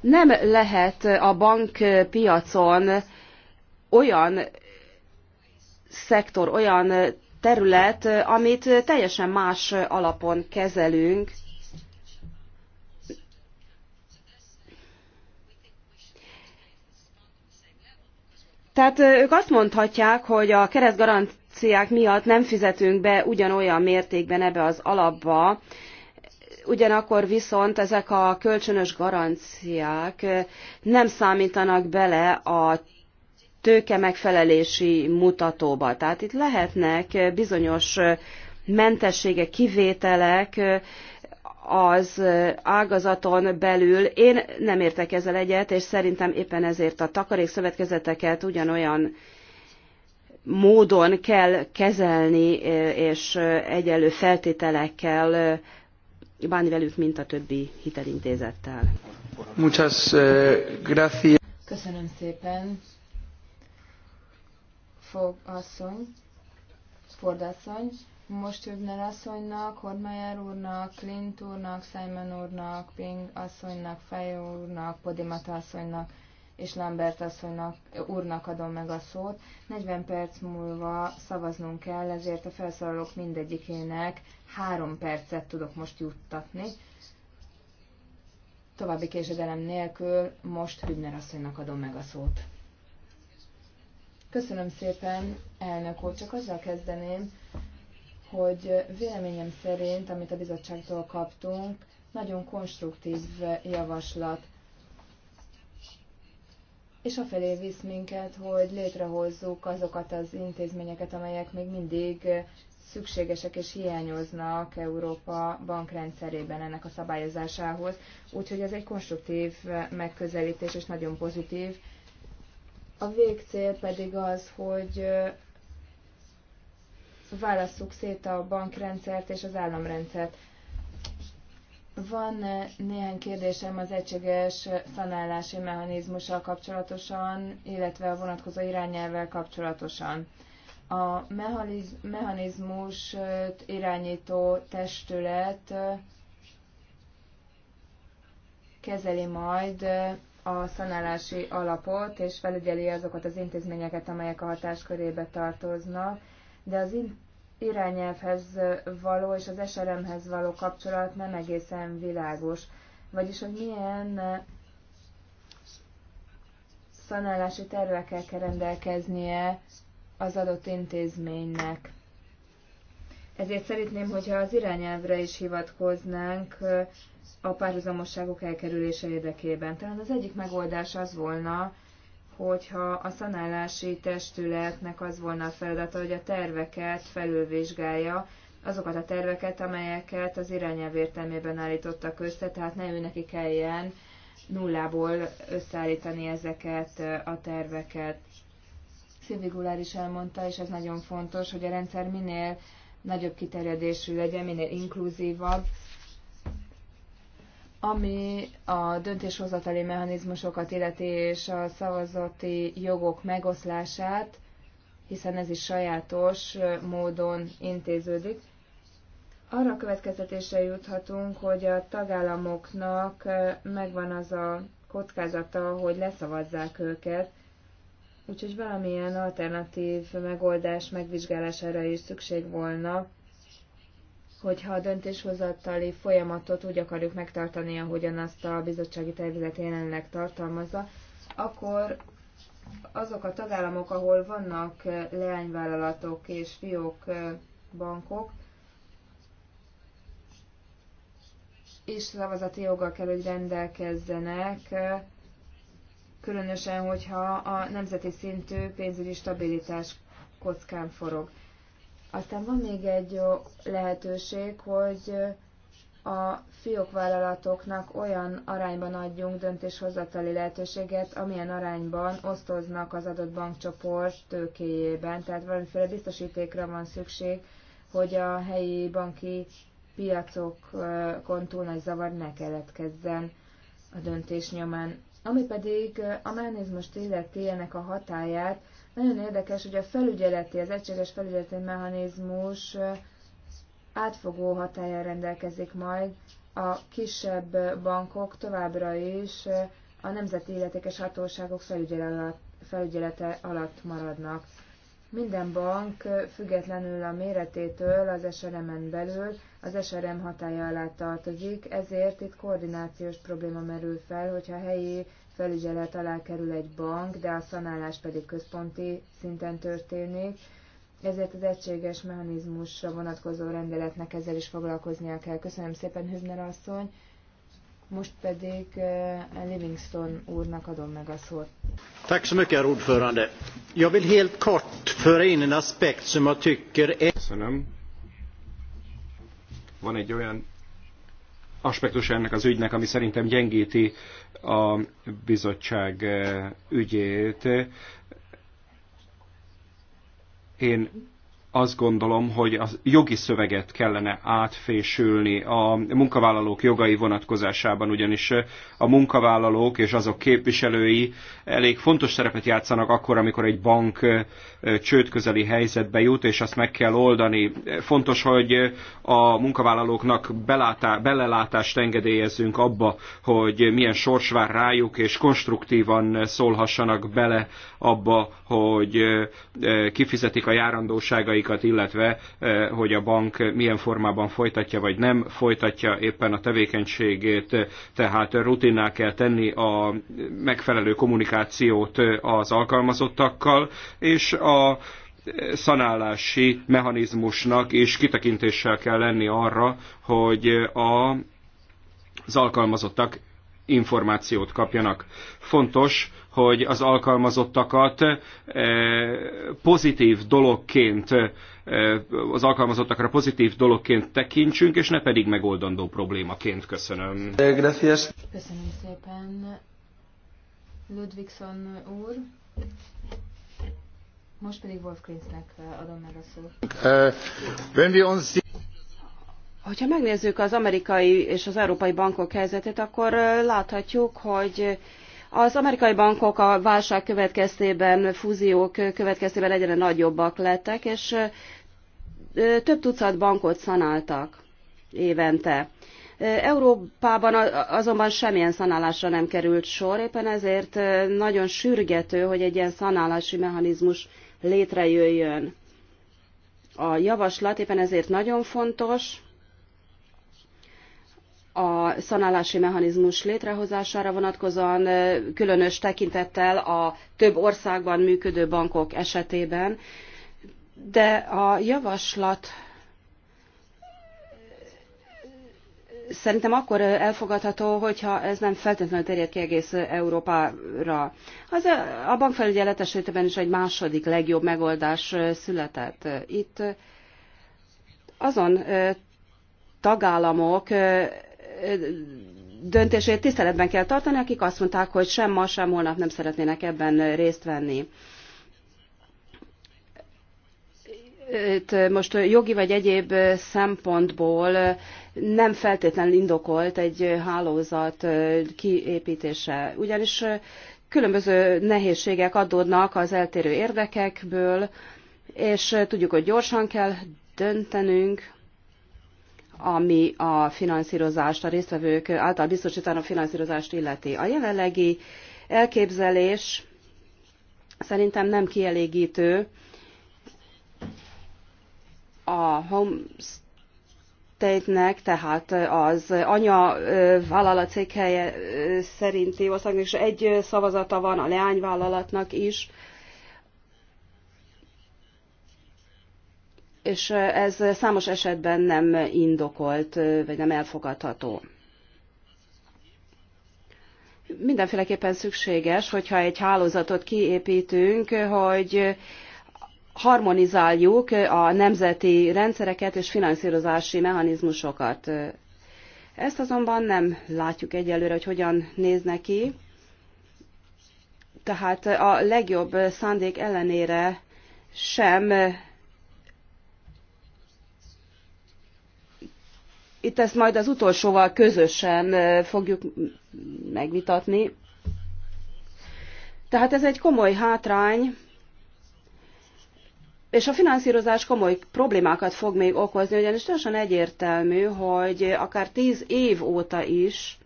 Nem lehet a bankpiacon olyan szektor, olyan terület, amit teljesen más alapon kezelünk. Tehát ők azt mondhatják, hogy a keresztgaranciák miatt nem fizetünk be ugyanolyan mértékben ebbe az alapba, ugyanakkor viszont ezek a kölcsönös garanciák nem számítanak bele a tőke megfelelési mutatóba. Tehát itt lehetnek bizonyos mentességek, kivételek az ágazaton belül. Én nem értek ezzel egyet, és szerintem éppen ezért a takarékszövetkezeteket ugyanolyan módon kell kezelni, és egyelő feltételekkel bánni velük, mint a többi hitelintézettel. Muchas eh, gracias. Köszönöm szépen fog asszony, fordasszony, most többnel asszonynak, Hormeyer úrnak, Clint úrnak, Simon úrnak, Ping asszonynak, Fejó úrnak, Podimata asszonynak és Lambert asszonynak, úrnak adom meg a szót. 40 perc múlva szavaznunk kell, ezért a felszólalók mindegyikének három percet tudok most juttatni. További késedelem nélkül most Hübner asszonynak adom meg a szót. Köszönöm szépen, elnök úr. Csak azzal kezdeném, hogy véleményem szerint, amit a bizottságtól kaptunk, nagyon konstruktív javaslat. És afelé visz minket, hogy létrehozzuk azokat az intézményeket, amelyek még mindig szükségesek és hiányoznak Európa bankrendszerében ennek a szabályozásához. Úgyhogy ez egy konstruktív megközelítés és nagyon pozitív a végcél pedig az, hogy válasszuk szét a bankrendszert és az államrendszert. Van néhány kérdésem az egységes szanálási mechanizmussal kapcsolatosan, illetve a vonatkozó irányelvvel kapcsolatosan. A mechanizmus irányító testület kezeli majd a szanálási alapot, és felügyeli azokat az intézményeket, amelyek a hatáskörébe tartoznak, de az irányelvhez való és az SRM-hez való kapcsolat nem egészen világos. Vagyis, hogy milyen szanálási tervekkel kell rendelkeznie az adott intézménynek. Ezért szeretném, hogyha az irányelvre is hivatkoznánk, a párhuzamosságok elkerülése érdekében. Talán az egyik megoldás az volna, hogyha a szanálási testületnek az volna a feladata, hogy a terveket felülvizsgálja, azokat a terveket, amelyeket az irányelv értelmében állítottak össze, tehát ne ő neki kelljen nullából összeállítani ezeket a terveket. Szilvigulár is elmondta, és ez nagyon fontos, hogy a rendszer minél nagyobb kiterjedésű legyen, minél inkluzívabb, ami a döntéshozatali mechanizmusokat illeti és a szavazati jogok megoszlását, hiszen ez is sajátos módon intéződik. Arra következtetésre juthatunk, hogy a tagállamoknak megvan az a kockázata, hogy leszavazzák őket, úgyhogy valamilyen alternatív megoldás megvizsgálására is szükség volna hogyha a döntéshozatali folyamatot úgy akarjuk megtartani, ahogyan azt a bizottsági tervezet jelenleg tartalmazza, akkor azok a tagállamok, ahol vannak eh, leányvállalatok és fiók eh, bankok, és szavazati joggal kell, hogy rendelkezzenek, eh, különösen, hogyha a nemzeti szintű pénzügyi stabilitás kockán forog. Aztán van még egy lehetőség, hogy a fiókvállalatoknak olyan arányban adjunk döntéshozatali lehetőséget, amilyen arányban osztoznak az adott bankcsoport tőkéjében. Tehát valamiféle biztosítékra van szükség, hogy a helyi banki piacokon túl nagy zavar ne keletkezzen a döntés nyomán. Ami pedig a mechanizmust illeti ennek a hatáját, nagyon érdekes, hogy a felügyeleti, az egységes felügyeleti mechanizmus átfogó hatája rendelkezik majd, a kisebb bankok továbbra is a nemzeti illetékes hatóságok felügyelete alatt maradnak. Minden bank függetlenül a méretétől az srm belül az SRM hatája alá tartozik, ezért itt koordinációs probléma merül fel, hogyha helyi felügyelet alá kerül egy bank, de a szanálás pedig központi szinten történik. Ezért az egységes mechanizmusra vonatkozó rendeletnek ezzel is foglalkoznia kell. Köszönöm szépen, Hübner asszony. Most pedig eh, Livingston úrnak adom meg a szót. Tack så mycket, ordförande. Jag vill helt kort föra in en aspekt som jag tycker är... Köszönöm. Van egy olyan aspektus ennek az ügynek, ami szerintem gyengíti a bizottság eh, ügyét. Én azt gondolom, hogy a jogi szöveget kellene átfésülni a munkavállalók jogai vonatkozásában, ugyanis a munkavállalók és azok képviselői elég fontos szerepet játszanak akkor, amikor egy bank csődközeli helyzetbe jut, és azt meg kell oldani. Fontos, hogy a munkavállalóknak belátá, belelátást engedélyezzünk abba, hogy milyen sors vár rájuk, és konstruktívan szólhassanak bele abba, hogy kifizetik a járandóságai bankjaikat, illetve eh, hogy a bank milyen formában folytatja vagy nem folytatja éppen a tevékenységét, tehát rutinná kell tenni a megfelelő kommunikációt eh, az alkalmazottakkal, és a eh, szanálási mechanizmusnak és kitekintéssel kell lenni arra, hogy a, az alkalmazottak információt kapjanak. Fontos, hogy az alkalmazottakat eh, pozitív dologként, eh, az alkalmazottakra pozitív dologként tekintsünk, és ne pedig megoldandó problémaként. Köszönöm. Eh, gracias. Köszönöm szépen. Ludvigson úr. Most pedig Wolf adom meg a szót. Hogyha megnézzük az amerikai és az európai bankok helyzetét, akkor láthatjuk, hogy az amerikai bankok a válság következtében, fúziók következtében egyre nagyobbak lettek, és több tucat bankot szanáltak évente. Európában azonban semmilyen szanálásra nem került sor, éppen ezért nagyon sürgető, hogy egy ilyen szanálási mechanizmus létrejöjjön. A javaslat éppen ezért nagyon fontos, a szanálási mechanizmus létrehozására vonatkozóan, különös tekintettel a több országban működő bankok esetében, de a javaslat szerintem akkor elfogadható, hogyha ez nem feltétlenül terjed ki egész Európára. Az a bankfelügyelet esetében is egy második legjobb megoldás született. Itt azon tagállamok döntését tiszteletben kell tartani, akik azt mondták, hogy sem ma, sem holnap nem szeretnének ebben részt venni. Itt most jogi vagy egyéb szempontból nem feltétlenül indokolt egy hálózat kiépítése, ugyanis különböző nehézségek adódnak az eltérő érdekekből, és tudjuk, hogy gyorsan kell döntenünk, ami a finanszírozást, a résztvevők által biztosítanak finanszírozást illeti. A jelenlegi elképzelés szerintem nem kielégítő a homestate-nek, tehát az anya vállalat székhelye szerinti országnak is egy szavazata van, a leányvállalatnak is, és ez számos esetben nem indokolt, vagy nem elfogadható. Mindenféleképpen szükséges, hogyha egy hálózatot kiépítünk, hogy harmonizáljuk a nemzeti rendszereket és finanszírozási mechanizmusokat. Ezt azonban nem látjuk egyelőre, hogy hogyan néznek ki. Tehát a legjobb szándék ellenére sem Itt ezt majd az utolsóval közösen fogjuk megvitatni. Tehát ez egy komoly hátrány, és a finanszírozás komoly problémákat fog még okozni, ugyanis teljesen egyértelmű, hogy akár tíz év óta is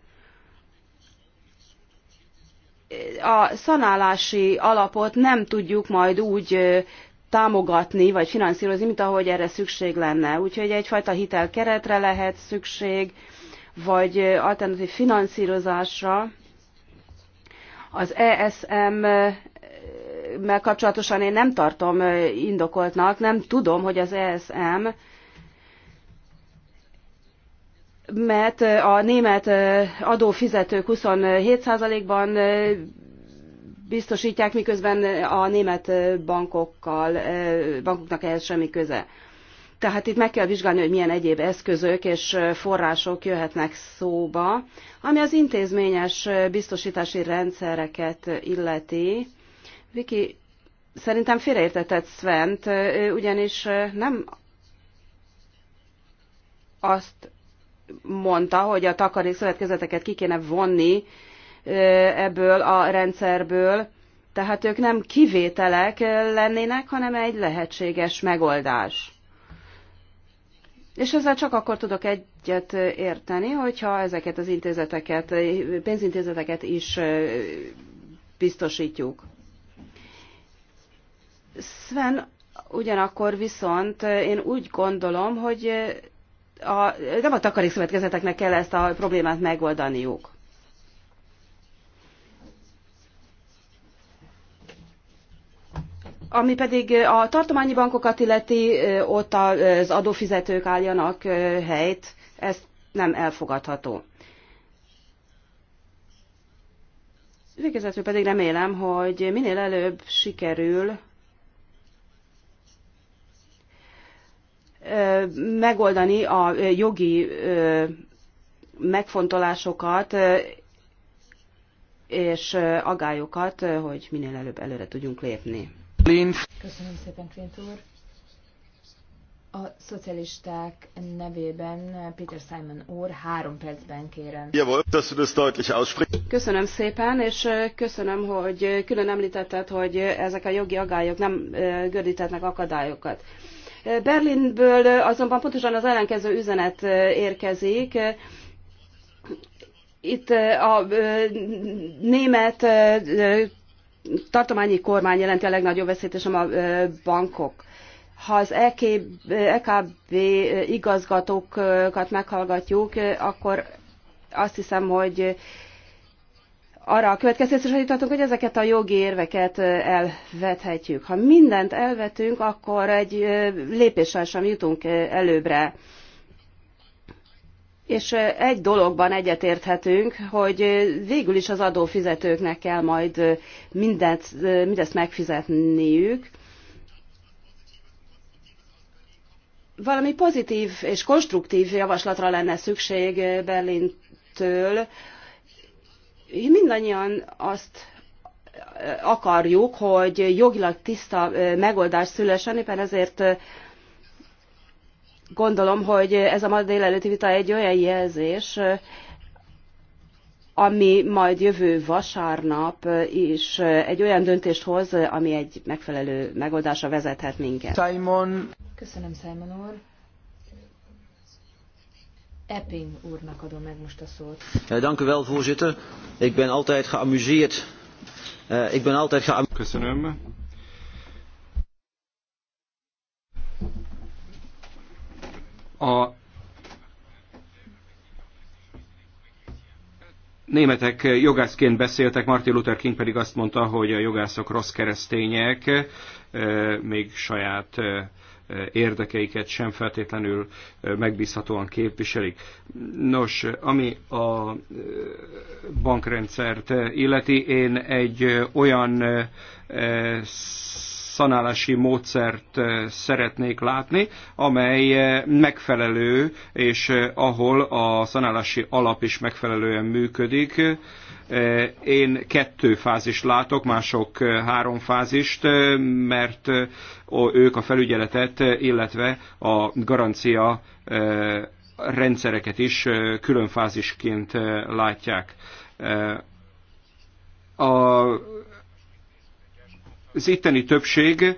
a szanálási alapot nem tudjuk majd úgy támogatni vagy finanszírozni, mint ahogy erre szükség lenne. Úgyhogy egyfajta hitelkeretre lehet szükség, vagy alternatív finanszírozásra. Az ESM mert kapcsolatosan én nem tartom indokoltnak, nem tudom, hogy az ESM mert a német adófizetők 27%-ban biztosítják, miközben a német bankokkal, eh, bankoknak ehhez semmi köze. Tehát itt meg kell vizsgálni, hogy milyen egyéb eszközök és források jöhetnek szóba, ami az intézményes biztosítási rendszereket illeti. Viki, szerintem félreértetett Svent, eh, ugyanis eh, nem azt mondta, hogy a takarék szövetkezeteket ki kéne vonni ebből a rendszerből, tehát ők nem kivételek lennének, hanem egy lehetséges megoldás. És ezzel csak akkor tudok egyet érteni, hogyha ezeket az intézeteket, pénzintézeteket is biztosítjuk. Sven, ugyanakkor viszont én úgy gondolom, hogy a, nem a takarékszövetkezeteknek kell ezt a problémát megoldaniuk. Ami pedig a tartományi bankokat illeti, ott az adófizetők álljanak helyt, ez nem elfogadható. Végezetül pedig remélem, hogy minél előbb sikerül megoldani a jogi megfontolásokat és agályokat, hogy minél előbb előre tudjunk lépni. Köszönöm szépen, Klint úr. A szocialisták nevében Peter Simon úr három percben kérem. Köszönöm szépen, és köszönöm, hogy külön említetted, hogy ezek a jogi agályok nem gördítetnek akadályokat. Berlinből azonban pontosan az ellenkező üzenet érkezik. Itt a német tartományi kormány jelenti a legnagyobb veszélyt, és nem a bankok. Ha az EKB, e igazgatókat meghallgatjuk, akkor azt hiszem, hogy arra a következtetésre jutottunk, hogy ezeket a jogi érveket elvethetjük. Ha mindent elvetünk, akkor egy lépéssel sem jutunk előbbre. És egy dologban egyetérthetünk, hogy végül is az adófizetőknek kell majd mindent, mindezt megfizetniük. Valami pozitív és konstruktív javaslatra lenne szükség Berlintől. Mindannyian azt akarjuk, hogy jogilag tiszta megoldás szülessen, éppen ezért gondolom, hogy ez a ma délelőtti vita egy olyan jelzés, ami majd jövő vasárnap is egy olyan döntést hoz, ami egy megfelelő megoldásra vezethet minket. Simon. Köszönöm, Simon úr. Epping úrnak adom meg most a szót. Ja, dank u wel, voorzitter. Ik ben altijd geamuseerd. Eh, ik ben altijd geamuseerd. Köszönöm. A németek jogászként beszéltek, Martin Luther King pedig azt mondta, hogy a jogászok rossz keresztények, e, még saját e, érdekeiket sem feltétlenül e, megbízhatóan képviselik. Nos, ami a bankrendszert illeti, én egy olyan szanálási módszert eh, szeretnék látni, amely eh, megfelelő, és eh, ahol a szanálási alap is megfelelően működik. Én kettő fázist látok, mások három fázist, mert ők a felügyeletet, illetve a garancia rendszereket is külön fázisként látják. A az itteni többség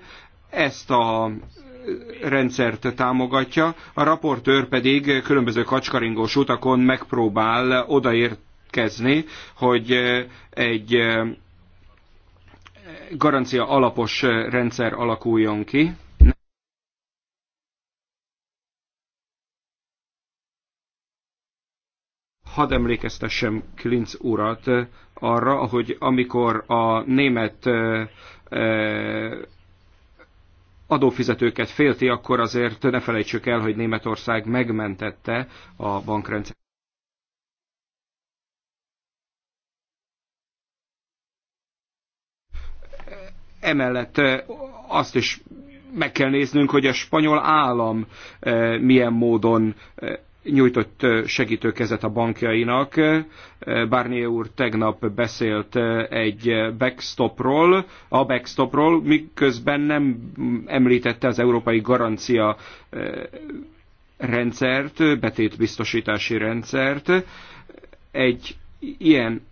ezt a rendszert támogatja, a raportőr pedig különböző kacskaringós utakon megpróbál odaérkezni, hogy egy garancia alapos rendszer alakuljon ki. hadd emlékeztessem Klinz urat arra, hogy amikor a német Eh, adófizetőket félti, akkor azért ne felejtsük el, hogy Németország megmentette a bankrendszer. Emellett eh, azt is meg kell néznünk, hogy a spanyol állam eh, milyen módon nyújtott segítőkezet a bankjainak. Barnier úr tegnap beszélt egy backstopról, a backstopról, miközben nem említette az európai garancia rendszert, betétbiztosítási rendszert. Egy ilyen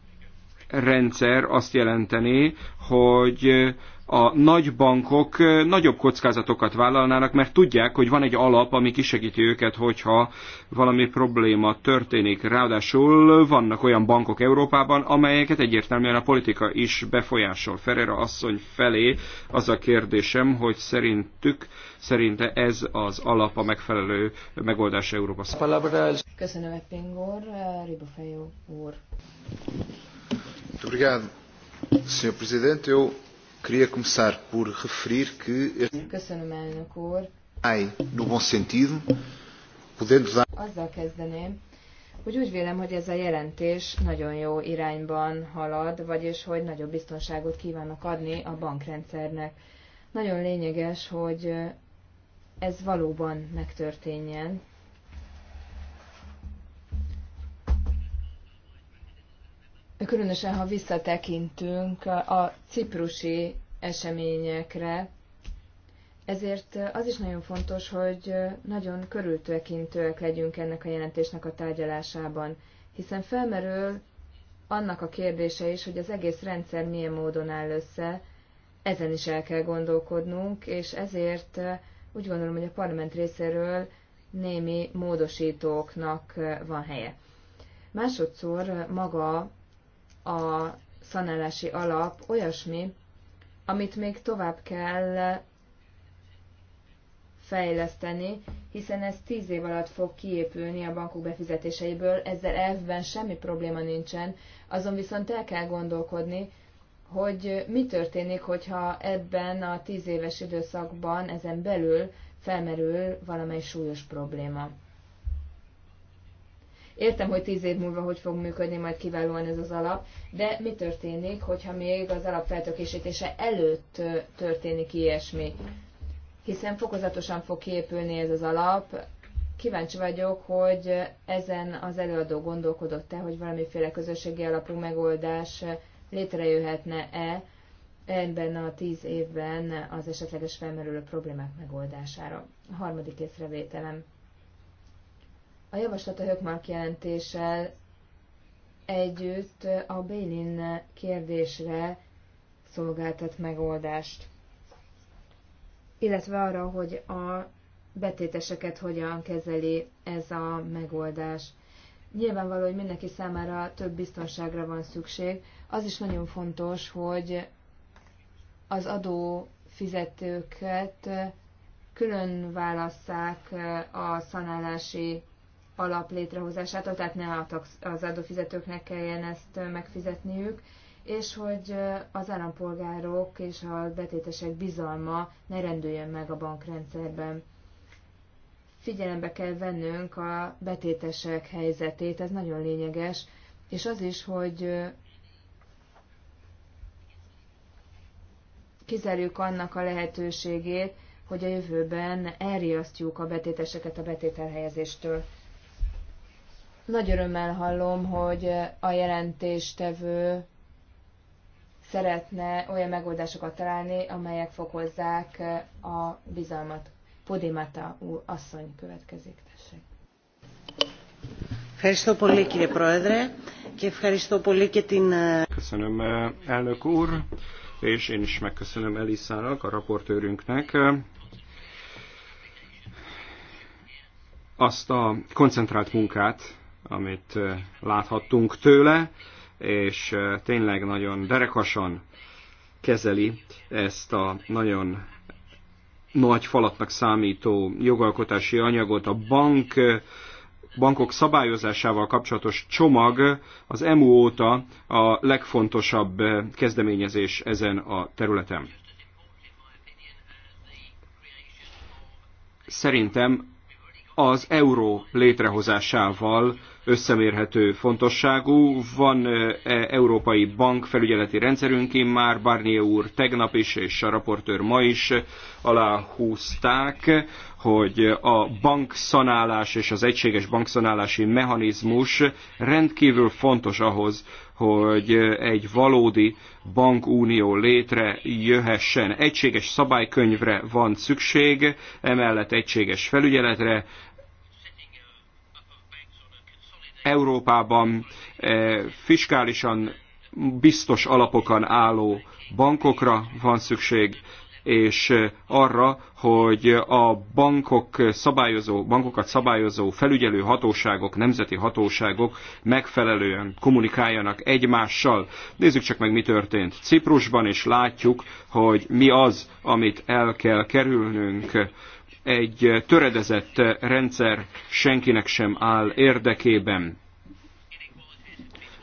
rendszer azt jelenteni, hogy a nagy bankok nagyobb kockázatokat vállalnának, mert tudják, hogy van egy alap, ami kisegíti őket, hogyha valami probléma történik. Ráadásul vannak olyan bankok Európában, amelyeket egyértelműen a politika is befolyásol. Ferreira asszony felé az a kérdésem, hogy szerintük, szerinte ez az alap a megfelelő megoldás Európa számára. Köszönöm, Pingor, Ribofejó úr. Obrigado, Sr. Presidente. Eu Queria começar por referir que... Köszönöm, elnök úr. Ai, no bom sentido, podendo dar... Azzal kezdeném, hogy úgy vélem, hogy ez a jelentés nagyon jó irányban halad, vagyis hogy nagyobb biztonságot kívánnak adni a bankrendszernek. Nagyon lényeges, hogy ez valóban megtörténjen, különösen ha visszatekintünk a ciprusi eseményekre, ezért az is nagyon fontos, hogy nagyon körültekintőek legyünk ennek a jelentésnek a tárgyalásában, hiszen felmerül annak a kérdése is, hogy az egész rendszer milyen módon áll össze, ezen is el kell gondolkodnunk, és ezért úgy gondolom, hogy a parlament részéről némi módosítóknak van helye. Másodszor maga a szanálási alap olyasmi, amit még tovább kell fejleszteni, hiszen ez tíz év alatt fog kiépülni a bankok befizetéseiből, ezzel elvben semmi probléma nincsen, azon viszont el kell gondolkodni, hogy mi történik, hogyha ebben a tíz éves időszakban ezen belül felmerül valamely súlyos probléma. Értem, hogy tíz év múlva hogy fog működni majd kiválóan ez az alap, de mi történik, hogyha még az alap feltökésítése előtt történik ilyesmi? Hiszen fokozatosan fog kiépülni ez az alap. Kíváncsi vagyok, hogy ezen az előadó gondolkodott-e, hogy valamiféle közösségi alapú megoldás létrejöhetne-e, ebben a tíz évben az esetleges felmerülő problémák megoldására. A harmadik észrevételem. A javaslat a Hökmark jelentéssel együtt a Bélin kérdésre szolgáltat megoldást. Illetve arra, hogy a betéteseket hogyan kezeli ez a megoldás. Nyilvánvaló, hogy mindenki számára több biztonságra van szükség. Az is nagyon fontos, hogy az adó fizetőket külön válasszák a szanálási alap létrehozásától, tehát ne az adófizetőknek kelljen ezt megfizetniük, és hogy az állampolgárok és a betétesek bizalma ne rendüljön meg a bankrendszerben. Figyelembe kell vennünk a betétesek helyzetét, ez nagyon lényeges, és az is, hogy kizárjuk annak a lehetőségét, hogy a jövőben elriasztjuk a betéteseket a betételhelyezéstől. Nagy örömmel hallom, hogy a jelentéstevő szeretne olyan megoldásokat találni, amelyek fokozzák a bizalmat. Podimata úr, asszony következik, tessék. Köszönöm elnök úr, és én is megköszönöm Elisának, a raportőrünknek azt a koncentrált munkát, amit láthattunk tőle, és tényleg nagyon derekasan kezeli ezt a nagyon nagy falatnak számító jogalkotási anyagot. A bank, bankok szabályozásával kapcsolatos csomag az EMU óta a legfontosabb kezdeményezés ezen a területen. Szerintem az euró létrehozásával összemérhető fontosságú. Van e, európai bank felügyeleti rendszerünk már Barnier úr tegnap is, és a raportőr ma is aláhúzták, hogy a bankszanálás és az egységes bankszanálási mechanizmus rendkívül fontos ahhoz, hogy egy valódi bankunió jöhessen. Egységes szabálykönyvre van szükség, emellett egységes felügyeletre, Európában eh, fiskálisan biztos alapokon álló bankokra van szükség, és eh, arra, hogy a bankok szabályozó, bankokat szabályozó felügyelő hatóságok, nemzeti hatóságok megfelelően kommunikáljanak egymással. Nézzük csak meg, mi történt Ciprusban, és látjuk, hogy mi az, amit el kell kerülnünk egy töredezett rendszer senkinek sem áll érdekében.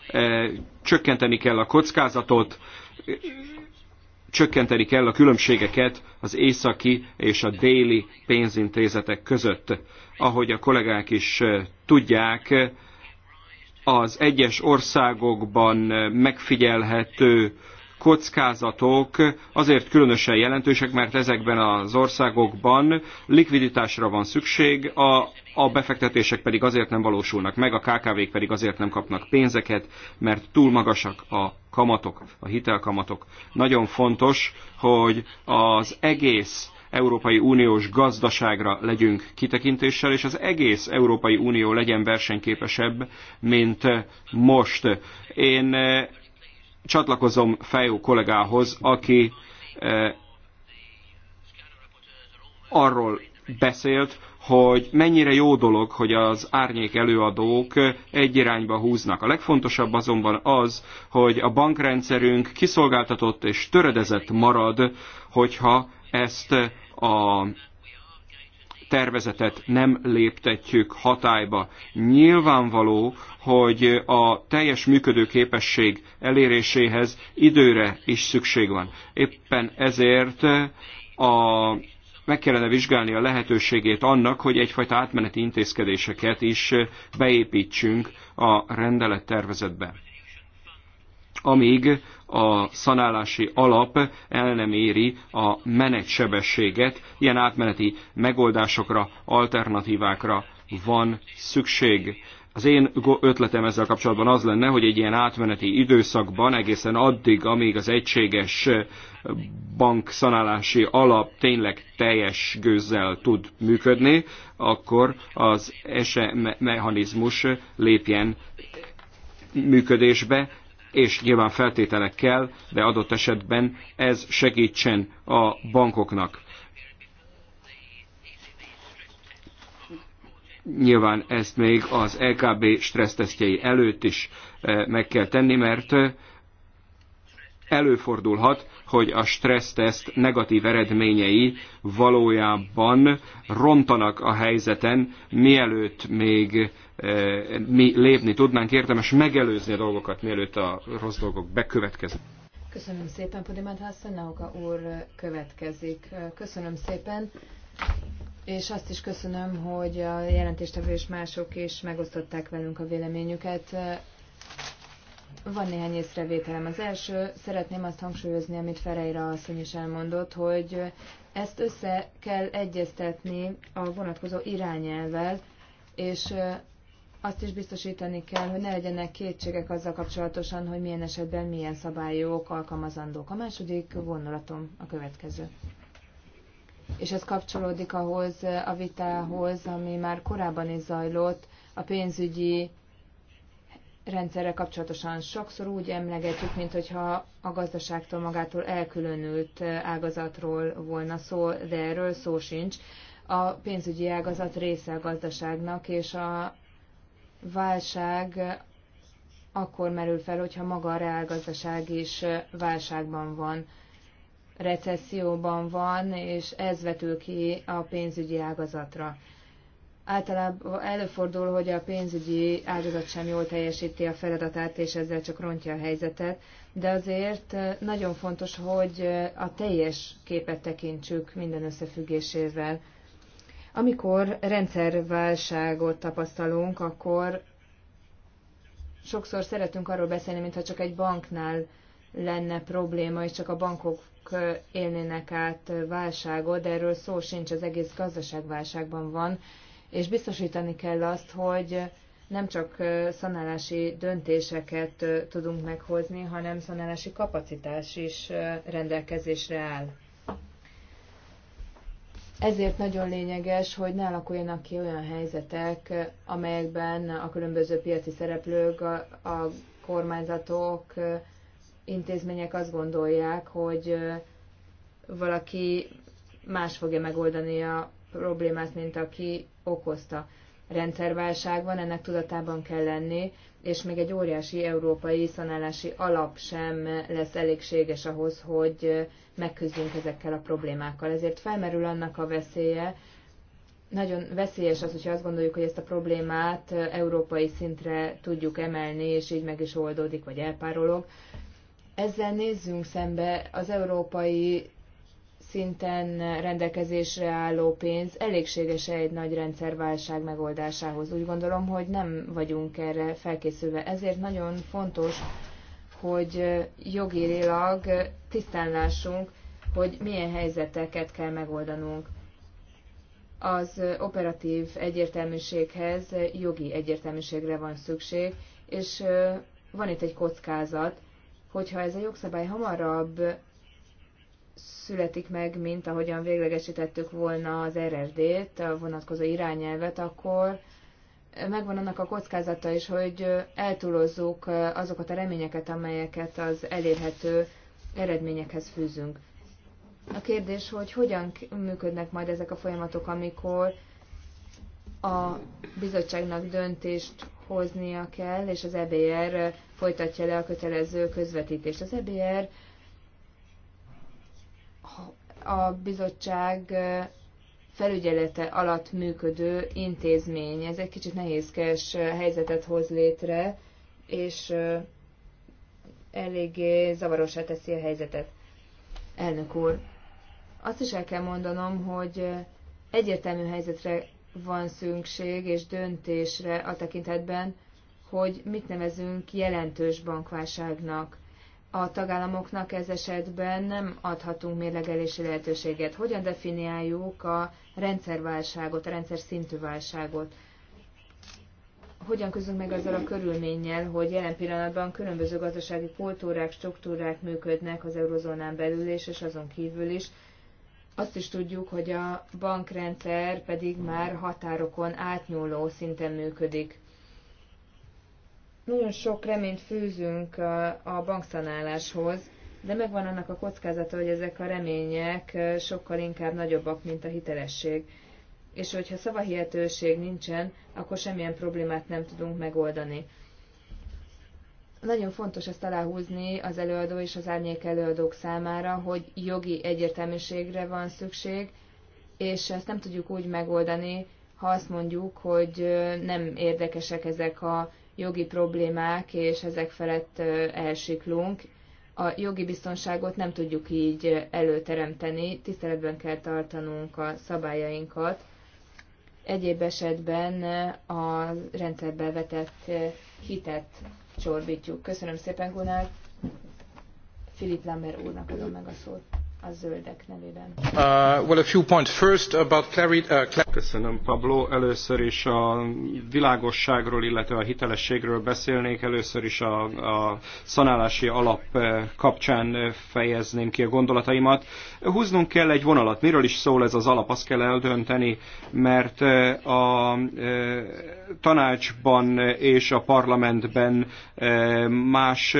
E, csökkenteni kell a kockázatot, csökkenteni kell a különbségeket az északi és a déli pénzintézetek között. Ahogy a kollégák is e, tudják, az egyes országokban megfigyelhető kockázatok azért különösen jelentősek, mert ezekben az országokban likviditásra van szükség, a, a befektetések pedig azért nem valósulnak meg, a KKV-k pedig azért nem kapnak pénzeket, mert túl magasak a kamatok, a hitelkamatok. Nagyon fontos, hogy az egész Európai Uniós gazdaságra legyünk kitekintéssel, és az egész Európai Unió legyen versenyképesebb, mint most. Én csatlakozom Fejó kollégához, aki eh, arról beszélt, hogy mennyire jó dolog, hogy az árnyék előadók egy irányba húznak. A legfontosabb azonban az, hogy a bankrendszerünk kiszolgáltatott és töredezett marad, hogyha ezt a tervezetet nem léptetjük hatályba. Nyilvánvaló, hogy a teljes működőképesség eléréséhez időre is szükség van. Éppen ezért a, meg kellene vizsgálni a lehetőségét annak, hogy egyfajta átmeneti intézkedéseket is beépítsünk a rendelettervezetbe. amíg a szanálási alap el nem éri a menetsebességet. Ilyen átmeneti megoldásokra, alternatívákra van szükség. Az én ötletem ezzel kapcsolatban az lenne, hogy egy ilyen átmeneti időszakban egészen addig, amíg az egységes eh, bankszanálási alap tényleg teljes gőzzel tud működni, akkor az ESE mechanizmus eh, lépjen működésbe, és nyilván feltételekkel, de adott esetben ez segítsen a bankoknak. Nyilván ezt még az LKB stressztesztjei előtt is eh, meg kell tenni, mert eh, előfordulhat, hogy a stresszteszt negatív eredményei valójában rontanak a helyzeten, mielőtt még e, mi lépni tudnánk, érdemes megelőzni a dolgokat, mielőtt a rossz dolgok bekövetkeznek. Köszönöm szépen, Podimát Hassan, Nauka úr következik. Köszönöm szépen, és azt is köszönöm, hogy a jelentéstevő és mások is megosztották velünk a véleményüket. Van néhány észrevételem. Az első, szeretném azt hangsúlyozni, amit Ferejra asszony is elmondott, hogy ezt össze kell egyeztetni a vonatkozó irányelvel, és azt is biztosítani kell, hogy ne legyenek kétségek azzal kapcsolatosan, hogy milyen esetben milyen szabályok alkalmazandók. A második vonulatom a következő. És ez kapcsolódik ahhoz a vitához, ami már korábban is zajlott, a pénzügyi rendszerre kapcsolatosan sokszor úgy emlegetjük, mint hogyha a gazdaságtól magától elkülönült eh, ágazatról volna szó, de erről szó sincs. A pénzügyi ágazat része a gazdaságnak, és a válság akkor merül fel, hogyha maga a reálgazdaság is eh, válságban van, recesszióban van, és ez vetül ki a pénzügyi ágazatra. Általában előfordul, hogy a pénzügyi áldozat sem jól teljesíti a feladatát, és ezzel csak rontja a helyzetet, de azért nagyon fontos, hogy a teljes képet tekintsük minden összefüggésével. Amikor rendszerválságot tapasztalunk, akkor sokszor szeretünk arról beszélni, mintha csak egy banknál lenne probléma, és csak a bankok élnének át válságot, de erről szó sincs, az egész gazdaságválságban van, és biztosítani kell azt, hogy nem csak szanálási döntéseket tudunk meghozni, hanem szanálási kapacitás is rendelkezésre áll. Ezért nagyon lényeges, hogy ne alakuljanak ki olyan helyzetek, amelyekben a különböző piaci szereplők, a, a kormányzatok, intézmények azt gondolják, hogy valaki más fogja megoldani a problémát, mint aki okozta. Rendszerválság van, ennek tudatában kell lenni, és még egy óriási európai szanálási alap sem lesz elégséges ahhoz, hogy megküzdjünk ezekkel a problémákkal. Ezért felmerül annak a veszélye, nagyon veszélyes az, hogyha azt gondoljuk, hogy ezt a problémát európai szintre tudjuk emelni, és így meg is oldódik, vagy elpárolog. Ezzel nézzünk szembe az európai szinten rendelkezésre álló pénz elégséges -e egy nagy rendszerválság megoldásához. Úgy gondolom, hogy nem vagyunk erre felkészülve. Ezért nagyon fontos, hogy jogilag tisztán lássunk, hogy milyen helyzeteket kell megoldanunk. Az operatív egyértelműséghez jogi egyértelműségre van szükség, és van itt egy kockázat, hogyha ez a jogszabály hamarabb születik meg, mint ahogyan véglegesítettük volna az RRD-t, a vonatkozó irányelvet, akkor megvan annak a kockázata is, hogy eltúlozzuk azokat a reményeket, amelyeket az elérhető eredményekhez fűzünk. A kérdés, hogy hogyan működnek majd ezek a folyamatok, amikor a bizottságnak döntést hoznia kell, és az EBR folytatja le a kötelező közvetítést. Az EBR a bizottság felügyelete alatt működő intézmény. Ez egy kicsit nehézkes helyzetet hoz létre, és eléggé zavarosá teszi a helyzetet. Elnök úr, azt is el kell mondanom, hogy egyértelmű helyzetre van szükség és döntésre a tekintetben, hogy mit nevezünk jelentős bankválságnak a tagállamoknak ez esetben nem adhatunk mérlegelési lehetőséget. Hogyan definiáljuk a rendszerválságot, a rendszer szintű válságot? Hogyan közünk meg azzal a körülménnyel, hogy jelen pillanatban különböző gazdasági kultúrák, struktúrák működnek az eurozónán belül is, és azon kívül is. Azt is tudjuk, hogy a bankrendszer pedig már határokon átnyúló szinten működik nagyon sok reményt fűzünk a bankszanáláshoz, de megvan annak a kockázata, hogy ezek a remények sokkal inkább nagyobbak, mint a hitelesség. És hogyha szavahihetőség nincsen, akkor semmilyen problémát nem tudunk megoldani. Nagyon fontos ezt aláhúzni az előadó és az árnyék előadók számára, hogy jogi egyértelműségre van szükség, és ezt nem tudjuk úgy megoldani, ha azt mondjuk, hogy nem érdekesek ezek a jogi problémák, és ezek felett elsiklunk. A jogi biztonságot nem tudjuk így előteremteni, tiszteletben kell tartanunk a szabályainkat. Egyéb esetben a rendszerbe vetett hitet csorbítjuk. Köszönöm szépen, Gunnar! Filip Lemmer úrnak adom meg a szót a zöldek nevében. Uh, well, a few points. First about clarity, uh, Köszönöm, Pablo. Először is a világosságról, illetve a hitelességről beszélnék. Először is a, a szanálási alap uh, kapcsán uh, fejezném ki a gondolataimat. Húznunk kell egy vonalat. Miről is szól ez az alap? Azt kell eldönteni, mert uh, a, a tanácsban és a parlamentben más,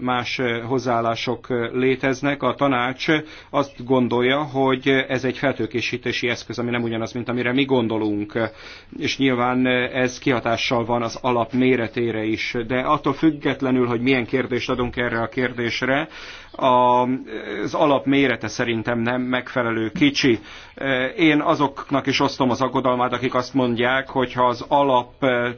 más hozzáállások léteznek. A tanács azt gondolja, hogy ez egy feltőkésítési eszköz, ami nem ugyanaz, mint amire mi gondolunk, és nyilván ez kihatással van az alap méretére is, de attól függetlenül, hogy milyen kérdést adunk erre a kérdésre, az alap mérete szerintem nem megfelelő kicsi. Én azoknak is osztom az aggodalmát, akik azt mondják, hogy ha az alap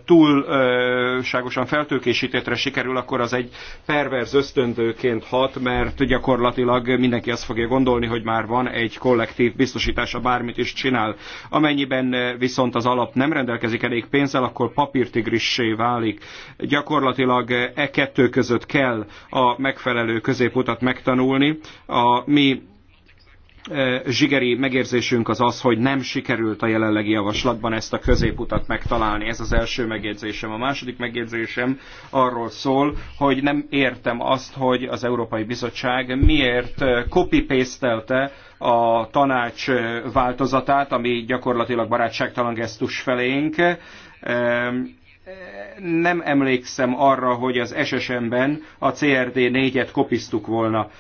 túlságosan feltőkésítetre sikerül, akkor az egy perverz ösztöndőként hat, mert gyakorlatilag mindenki azt azt fogja gondolni, hogy már van egy kollektív biztosítása, bármit is csinál. Amennyiben eh, viszont az alap nem rendelkezik elég pénzzel, akkor papírtigrissé válik. Gyakorlatilag eh, e kettő között kell a megfelelő középutat megtanulni. A mi zsigeri megérzésünk az az, hogy nem sikerült a jelenlegi javaslatban ezt a középutat megtalálni. Ez az első megjegyzésem. A második megjegyzésem arról szól, hogy nem értem azt, hogy az Európai Bizottság miért copy pastelte a tanács változatát, ami gyakorlatilag barátságtalan gesztus felénk nem emlékszem arra, hogy az SSM-ben a CRD 4-et kopiztuk volna.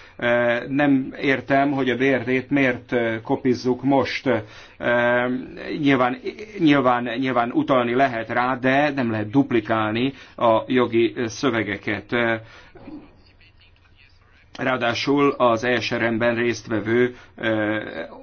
Nem értem, hogy a BRD-t miért kopizzuk most. Nyilván, nyilván, nyilván utalni lehet rá, de nem lehet duplikálni a jogi szövegeket. Ráadásul az ESRM-ben résztvevő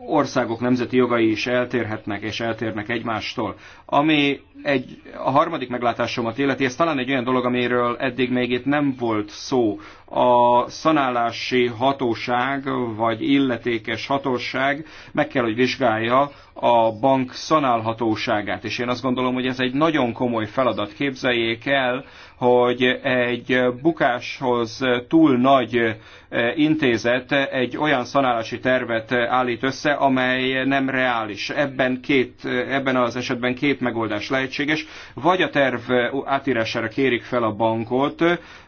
országok nemzeti jogai is eltérhetnek és eltérnek egymástól. Ami egy, a harmadik meglátásomat illeti, ez talán egy olyan dolog, amiről eddig még itt nem volt szó. A szanálási hatóság vagy illetékes hatóság meg kell, hogy vizsgálja a bank szanálhatóságát, és én azt gondolom, hogy ez egy nagyon komoly feladat. Képzeljék el, hogy egy bukáshoz túl nagy intézet egy olyan szanálási tervet állít össze, amely nem reális. Ebben, két, ebben az esetben két megoldás lehetséges, vagy a terv átírására kérik fel a bankot,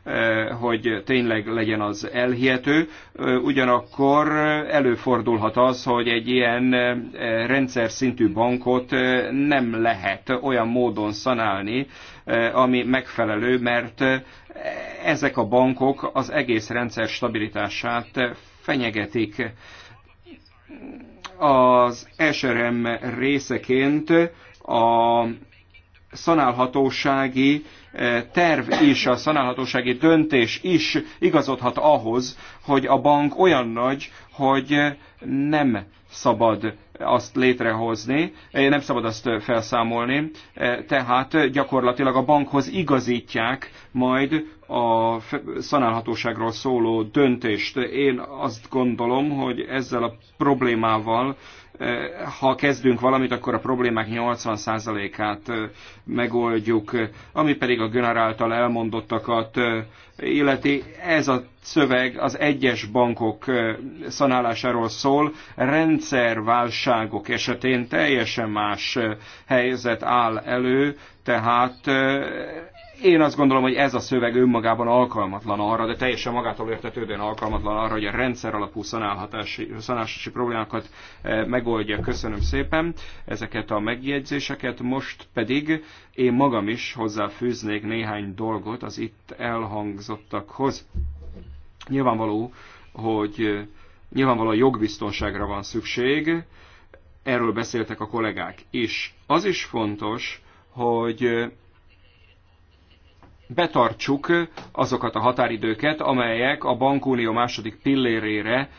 Eh, hogy tényleg legyen az elhihető. Eh, ugyanakkor előfordulhat az, hogy egy ilyen eh, rendszer szintű bankot nem lehet olyan módon szanálni, ami megfelelő, mert ezek a bankok az egész rendszer stabilitását fenyegetik. Az SRM részeként a szanálhatósági terv is, a szanálhatósági döntés is igazodhat ahhoz, hogy a bank olyan nagy, hogy nem szabad azt létrehozni, nem szabad azt felszámolni, tehát gyakorlatilag a bankhoz igazítják majd a szanálhatóságról szóló döntést. Én azt gondolom, hogy ezzel a problémával ha kezdünk valamit, akkor a problémák 80%-át megoldjuk, ami pedig a Gönar által elmondottakat illeti. Ez a szöveg az egyes bankok szanálásáról szól, rendszerválságok esetén teljesen más helyzet áll elő, tehát én azt gondolom, hogy ez a szöveg önmagában alkalmatlan arra, de teljesen magától értetődően alkalmatlan arra, hogy a rendszer alapú szanálási problémákat eh, megoldja. Köszönöm szépen ezeket a megjegyzéseket. Most pedig én magam is hozzáfűznék néhány dolgot az itt elhangzottakhoz. Nyilvánvaló, hogy eh, nyilvánvaló jogbiztonságra van szükség, erről beszéltek a kollégák is. Az is fontos, hogy eh, betartsuk azokat a határidőket, amelyek a bankunió második pillérére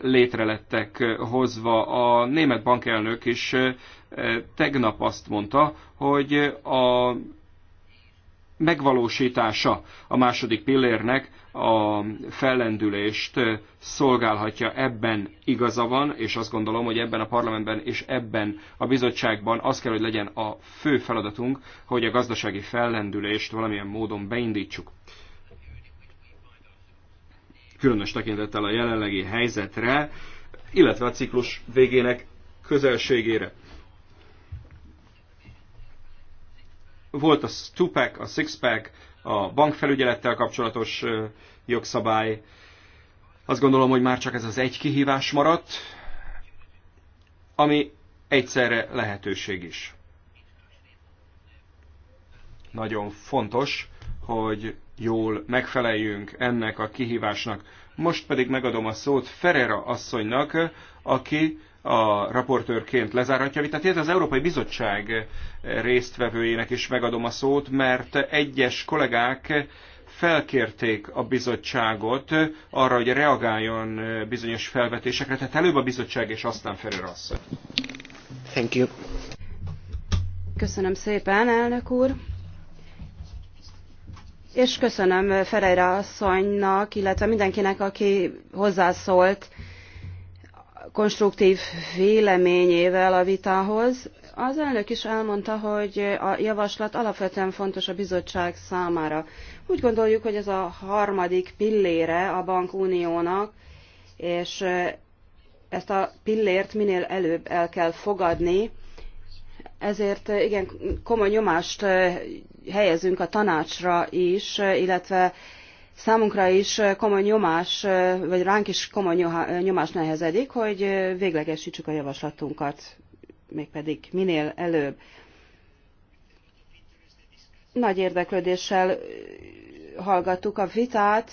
létre lettek hozva. A német bankelnök is tegnap azt mondta, hogy a megvalósítása a második pillérnek a fellendülést szolgálhatja. Ebben igaza van, és azt gondolom, hogy ebben a parlamentben és ebben a bizottságban az kell, hogy legyen a fő feladatunk, hogy a gazdasági fellendülést valamilyen módon beindítsuk. Különös tekintettel a jelenlegi helyzetre, illetve a ciklus végének közelségére. volt a Tupac, a Sixpack, a bankfelügyelettel kapcsolatos jogszabály. Azt gondolom, hogy már csak ez az egy kihívás maradt, ami egyszerre lehetőség is. Nagyon fontos, hogy jól megfeleljünk ennek a kihívásnak. Most pedig megadom a szót Ferrera asszonynak, aki a raportőrként lezárhatja a vitát. az Európai Bizottság résztvevőjének is megadom a szót, mert egyes kollégák felkérték a bizottságot arra, hogy reagáljon bizonyos felvetésekre. Tehát előbb a bizottság, és aztán Ferrer asszony. Thank you. Köszönöm szépen, elnök úr. És köszönöm Ferejre asszonynak, illetve mindenkinek, aki hozzászólt konstruktív véleményével a vitához. Az elnök is elmondta, hogy a javaslat alapvetően fontos a bizottság számára. Úgy gondoljuk, hogy ez a harmadik pillére a bankuniónak, és ezt a pillért minél előbb el kell fogadni, ezért igen komoly nyomást helyezünk a tanácsra is, illetve számunkra is komoly nyomás, vagy ránk is komoly nyomás nehezedik, hogy véglegesítsük a javaslatunkat, mégpedig minél előbb. Nagy érdeklődéssel hallgattuk a vitát.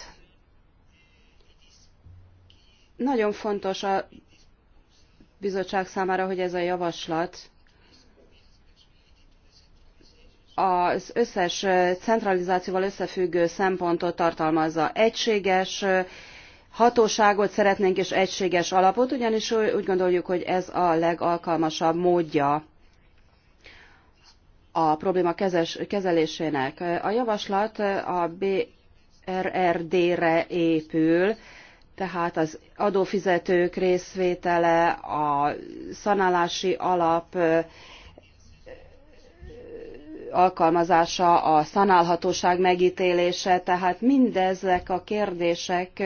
Nagyon fontos a bizottság számára, hogy ez a javaslat az összes centralizációval összefüggő szempontot tartalmazza. Egységes hatóságot szeretnénk és egységes alapot, ugyanis úgy gondoljuk, hogy ez a legalkalmasabb módja a probléma kezes, kezelésének. A javaslat a BRRD-re épül, tehát az adófizetők részvétele, a szanálási alap, alkalmazása, a szanálhatóság megítélése, tehát mindezek a kérdések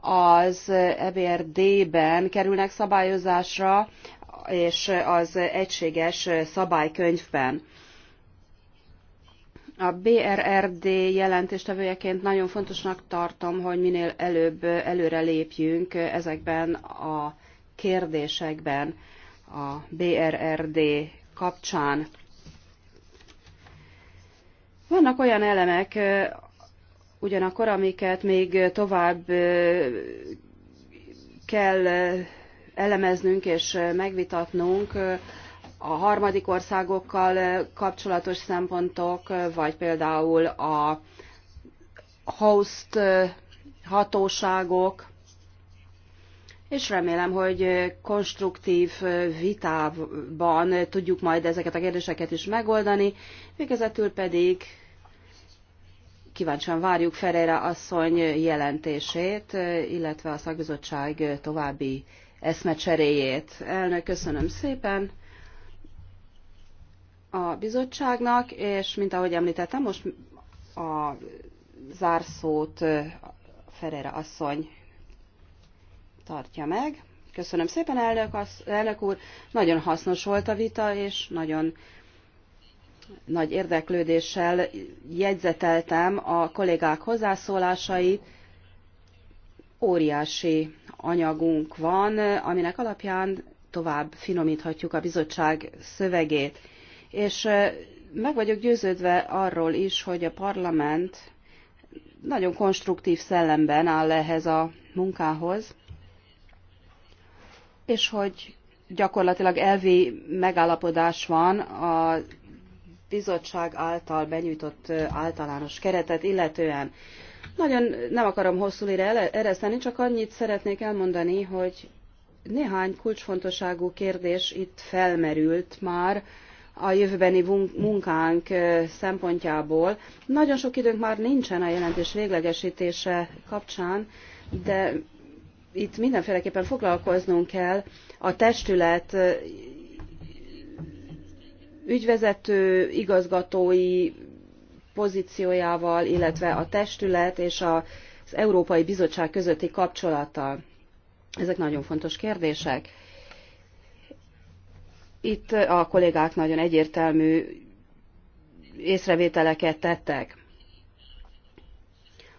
az EBRD-ben kerülnek szabályozásra, és az egységes szabálykönyvben. A BRRD jelentéstevőjeként nagyon fontosnak tartom, hogy minél előbb előre lépjünk ezekben a kérdésekben a BRRD kapcsán. Vannak olyan elemek, ugyanakkor, amiket még tovább kell elemeznünk és megvitatnunk a harmadik országokkal kapcsolatos szempontok, vagy például a host hatóságok, és remélem, hogy konstruktív vitában tudjuk majd ezeket a kérdéseket is megoldani, végezetül pedig kíváncsian várjuk Ferreira asszony jelentését, illetve a szakbizottság további eszmecseréjét. Elnök, köszönöm szépen a bizottságnak, és mint ahogy említettem, most a zárszót Ferreira asszony tartja meg. Köszönöm szépen, elnök, az, elnök úr. Nagyon hasznos volt a vita, és nagyon nagy érdeklődéssel jegyzeteltem a kollégák hozzászólásait. Óriási anyagunk van, aminek alapján tovább finomíthatjuk a bizottság szövegét. És meg vagyok győződve arról is, hogy a parlament nagyon konstruktív szellemben áll ehhez a munkához, és hogy gyakorlatilag elvi megállapodás van a bizottság által benyújtott általános keretet illetően. Nagyon nem akarom hosszú ére ereszteni, csak annyit szeretnék elmondani, hogy néhány kulcsfontosságú kérdés itt felmerült már a jövőbeni munkánk szempontjából. Nagyon sok időnk már nincsen a jelentés véglegesítése kapcsán, de itt mindenféleképpen foglalkoznunk kell a testület ügyvezető igazgatói pozíciójával, illetve a testület és az Európai Bizottság közötti kapcsolattal. Ezek nagyon fontos kérdések. Itt a kollégák nagyon egyértelmű észrevételeket tettek.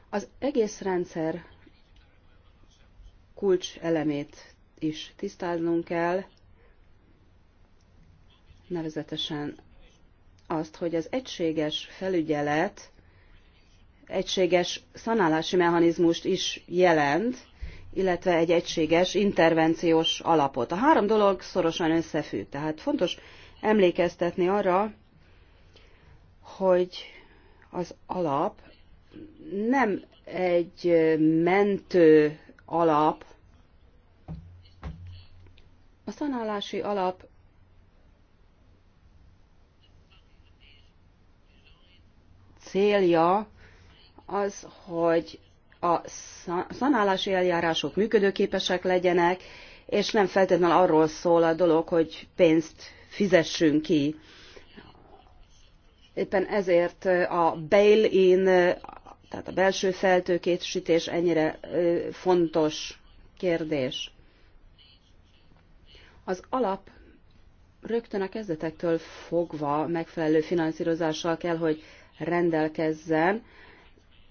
Az egész rendszer kulcs elemét is tisztáznunk kell, nevezetesen azt, hogy az egységes felügyelet egységes szanálási mechanizmust is jelent, illetve egy egységes intervenciós alapot. A három dolog szorosan összefügg, tehát fontos emlékeztetni arra, hogy az alap nem egy mentő alap, a szanálási alap célja az, hogy a szanálási eljárások működőképesek legyenek, és nem feltétlenül arról szól a dolog, hogy pénzt fizessünk ki. Éppen ezért a bail-in, tehát a belső feltőkésítés ennyire fontos kérdés. Az alap rögtön a kezdetektől fogva megfelelő finanszírozással kell, hogy rendelkezzen.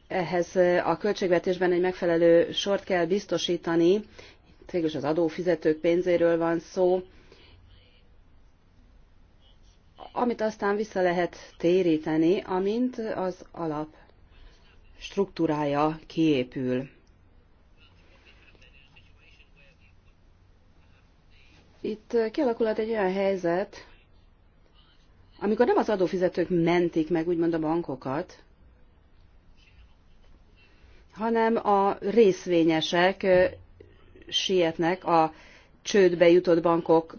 Ehhez a költségvetésben egy megfelelő sort kell biztosítani, itt végülis az adófizetők pénzéről van szó, amit aztán vissza lehet téríteni, amint az alap struktúrája kiépül. Itt kialakulhat egy olyan helyzet, amikor nem az adófizetők mentik meg úgymond a bankokat, hanem a részvényesek sietnek a csődbe jutott bankok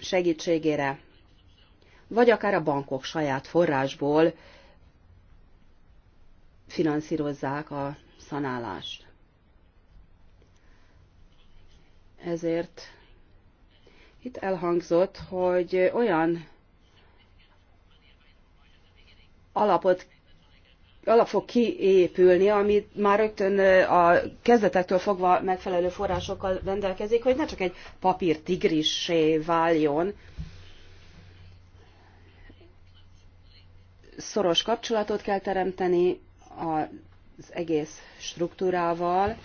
segítségére, vagy akár a bankok saját forrásból finanszírozzák a szanálást. Ezért itt elhangzott, hogy olyan alapot alap fog kiépülni, amit már rögtön a kezdetektől fogva megfelelő forrásokkal rendelkezik, hogy ne csak egy papír tigrissé váljon. Szoros kapcsolatot kell teremteni az egész struktúrával.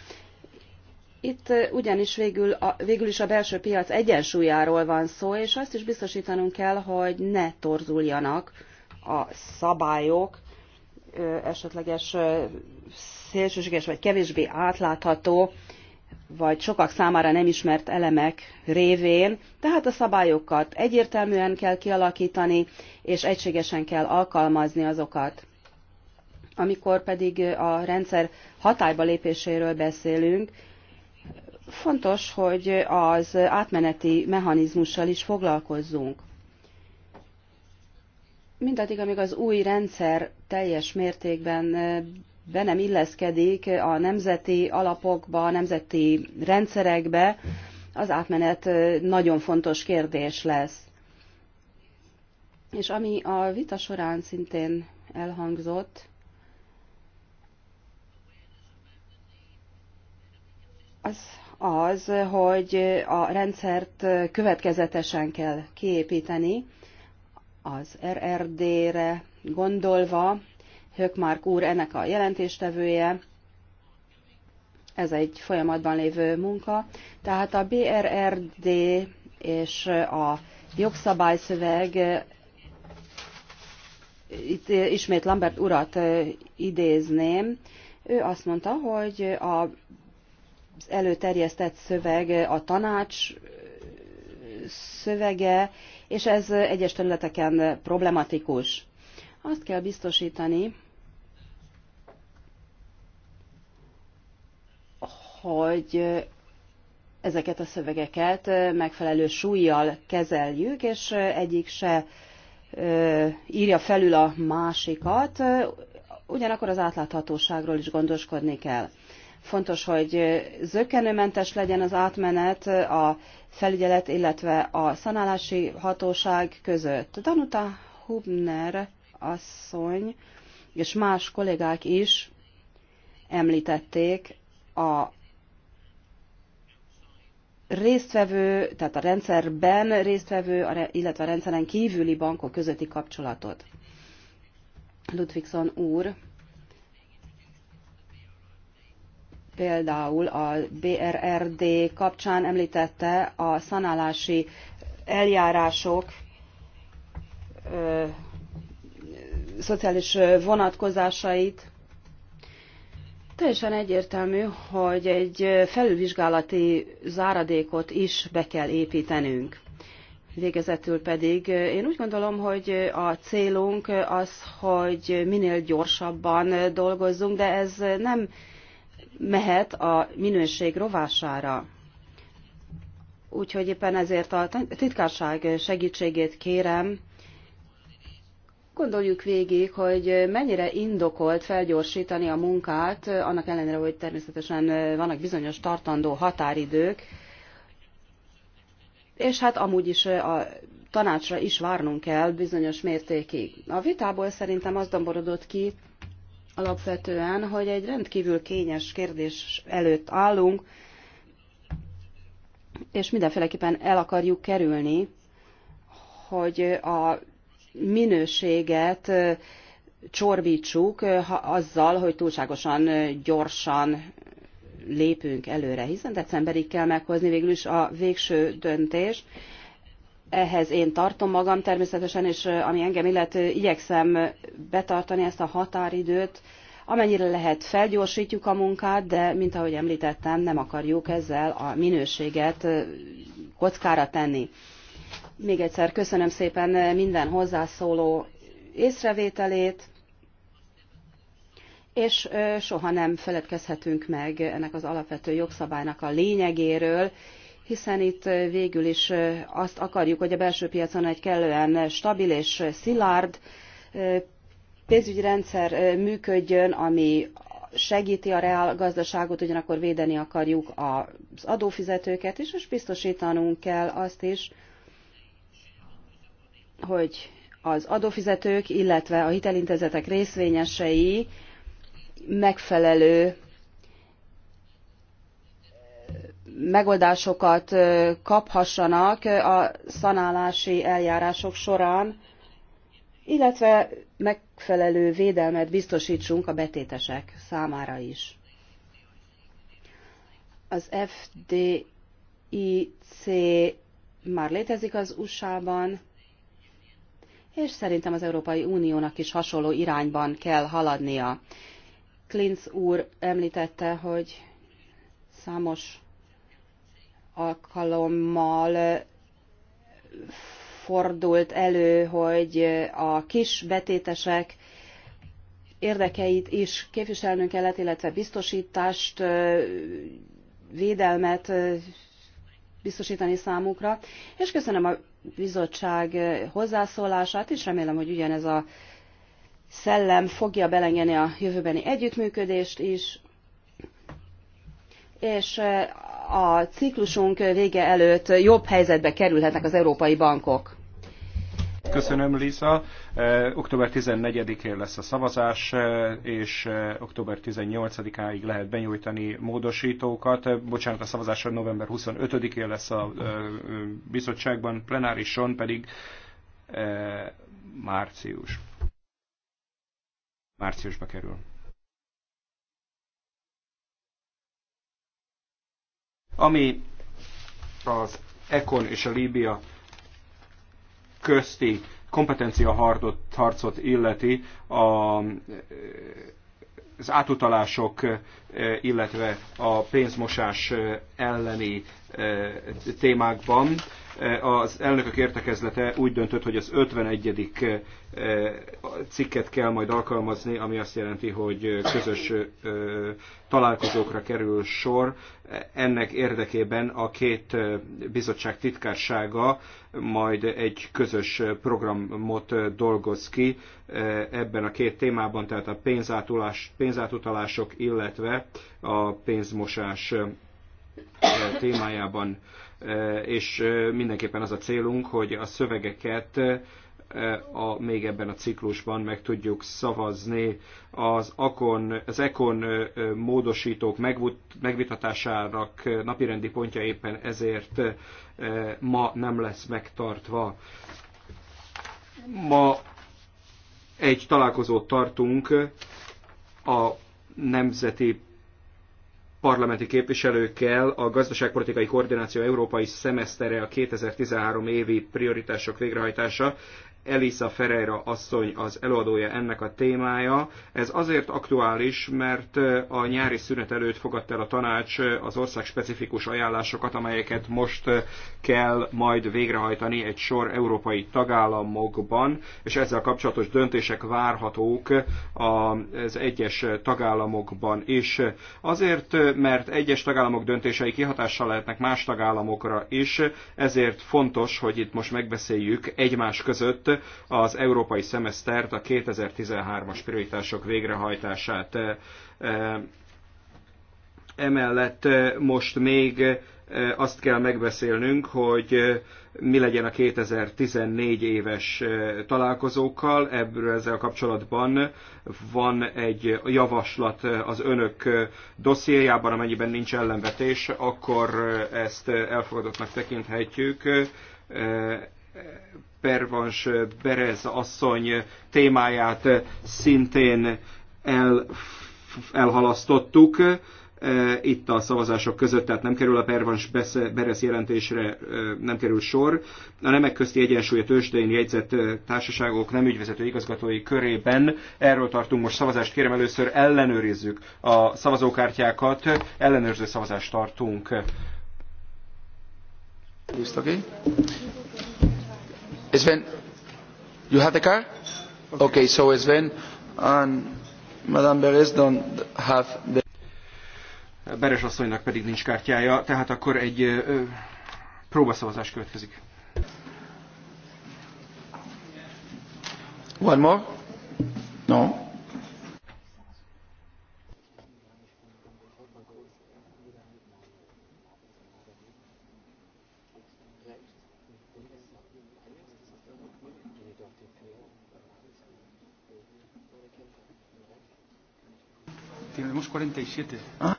Itt ugyanis végül, a, végül is a belső piac egyensúlyáról van szó, és azt is biztosítanunk kell, hogy ne torzuljanak a szabályok esetleges szélsőséges vagy kevésbé átlátható, vagy sokak számára nem ismert elemek révén, tehát a szabályokat egyértelműen kell kialakítani, és egységesen kell alkalmazni azokat. Amikor pedig a rendszer hatályba lépéséről beszélünk, fontos, hogy az átmeneti mechanizmussal is foglalkozzunk mindaddig, amíg az új rendszer teljes mértékben be nem illeszkedik a nemzeti alapokba, a nemzeti rendszerekbe, az átmenet nagyon fontos kérdés lesz. És ami a vita során szintén elhangzott, az az, hogy a rendszert következetesen kell kiépíteni, az RRD-re gondolva, Hökmark úr ennek a jelentéstevője, ez egy folyamatban lévő munka, tehát a BRRD és a jogszabályszöveg itt ismét Lambert urat idézném, ő azt mondta, hogy a az előterjesztett szöveg, a tanács szövege és ez egyes területeken problematikus. Azt kell biztosítani, hogy ezeket a szövegeket megfelelő súlyjal kezeljük, és egyik se írja felül a másikat, ugyanakkor az átláthatóságról is gondoskodni kell. Fontos, hogy zökkenőmentes legyen az átmenet a felügyelet, illetve a szanálási hatóság között. Danuta Hubner asszony és más kollégák is említették a résztvevő, tehát a rendszerben résztvevő, illetve a rendszeren kívüli bankok közötti kapcsolatot. Ludvigson úr például a BRRD kapcsán említette a szanálási eljárások ö, szociális vonatkozásait. Teljesen egyértelmű, hogy egy felülvizsgálati záradékot is be kell építenünk. Végezetül pedig én úgy gondolom, hogy a célunk az, hogy minél gyorsabban dolgozzunk, de ez nem mehet a minőség rovására. Úgyhogy éppen ezért a titkárság segítségét kérem, Gondoljuk végig, hogy mennyire indokolt felgyorsítani a munkát, annak ellenére, hogy természetesen vannak bizonyos tartandó határidők, és hát amúgy is a tanácsra is várnunk kell bizonyos mértékig. A vitából szerintem az domborodott ki, alapvetően, hogy egy rendkívül kényes kérdés előtt állunk, és mindenféleképpen el akarjuk kerülni, hogy a minőséget csorbítsuk azzal, hogy túlságosan gyorsan lépünk előre, hiszen decemberig kell meghozni végül is a végső döntést, ehhez én tartom magam természetesen, és eh, ami engem illet, eh, igyekszem eh, betartani ezt a határidőt. Amennyire lehet, felgyorsítjuk a munkát, de mint ahogy említettem, nem akarjuk ezzel a minőséget kockára tenni. Még egyszer köszönöm szépen minden hozzászóló észrevételét, és soha nem feledkezhetünk meg ennek az alapvető jogszabálynak a lényegéről, hiszen itt végül is azt akarjuk, hogy a belső piacon egy kellően stabil és szilárd pénzügyi rendszer működjön, ami segíti a reál gazdaságot, ugyanakkor védeni akarjuk az adófizetőket is, és biztosítanunk kell azt is, hogy az adófizetők, illetve a hitelintézetek részvényesei megfelelő megoldásokat kaphassanak a szanálási eljárások során, illetve megfelelő védelmet biztosítsunk a betétesek számára is. Az FDIC már létezik az USA-ban, és szerintem az Európai Uniónak is hasonló irányban kell haladnia. Klinz úr említette, hogy számos alkalommal fordult elő, hogy a kis betétesek érdekeit is képviselnünk kellett, illetve biztosítást, védelmet biztosítani számukra. És köszönöm a bizottság hozzászólását, és remélem, hogy ugyanez a szellem fogja belengeni a jövőbeni együttműködést is, és a ciklusunk vége előtt jobb helyzetbe kerülhetnek az európai bankok. Köszönöm, Lisa. Október 14-én lesz a szavazás, és október 18-áig lehet benyújtani módosítókat. Bocsánat, a szavazásra november 25-én lesz a bizottságban, plenárison pedig március. Márciusba kerül. Ami az Econ és a Líbia közti kompetencia hardot, harcot illeti, a, az átutalások, e, illetve a pénzmosás e, elleni e, témákban az elnökök értekezlete úgy döntött, hogy az 51. Eh, cikket kell majd alkalmazni, ami azt jelenti, hogy eh, közös eh, találkozókra kerül sor. Ennek érdekében a két bizottság titkársága majd egy közös programot dolgoz ki ebben a két témában, tehát a pénzátutalások, illetve a pénzmosás témájában. Eh, és eh, mindenképpen az a célunk, hogy a szövegeket eh, a, még ebben a ciklusban meg tudjuk szavazni. Az, akon, az ekon módosítók megvut, megvitatásának napirendi pontja éppen ezért ma nem lesz megtartva. Ma egy találkozót tartunk a nemzeti parlamenti képviselőkkel a gazdaságpolitikai koordináció európai szemesztere a 2013 évi prioritások végrehajtása Elisa Ferreira asszony az előadója ennek a témája. Ez azért aktuális, mert eh, a nyári szünet előtt fogadta el a tanács eh, az ország specifikus ajánlásokat, amelyeket most eh, kell majd végrehajtani egy sor európai tagállamokban, és ezzel kapcsolatos döntések várhatók az egyes tagállamokban is. Azért, mert egyes tagállamok döntései kihatással lehetnek más tagállamokra is, ezért fontos, hogy itt most megbeszéljük egymás között, az európai szemesztert, a 2013-as prioritások végrehajtását. E, e, emellett e, most még azt kell megbeszélnünk, hogy mi legyen a 2014 éves találkozókkal. Ebből ezzel kapcsolatban van egy javaslat az önök dossziéjában, amennyiben nincs ellenvetés, akkor ezt elfogadottnak tekinthetjük Pervans Berez asszony témáját szintén el, elhalasztottuk itt a szavazások között, tehát nem kerül a Pervans Beresz jelentésre, nem kerül sor. A nemek közti egyensúly a tőzsdén jegyzett társaságok nem ügyvezető igazgatói körében. Erről tartunk most szavazást, kérem először ellenőrizzük a szavazókártyákat, ellenőrző szavazást tartunk. Tisztagi. Sven, you have the car? Okay, okay so Sven and Madame Beres don't have the... Beres asszonynak pedig nincs kártyája, tehát akkor egy ö, próbaszavazás következik. One more? ahí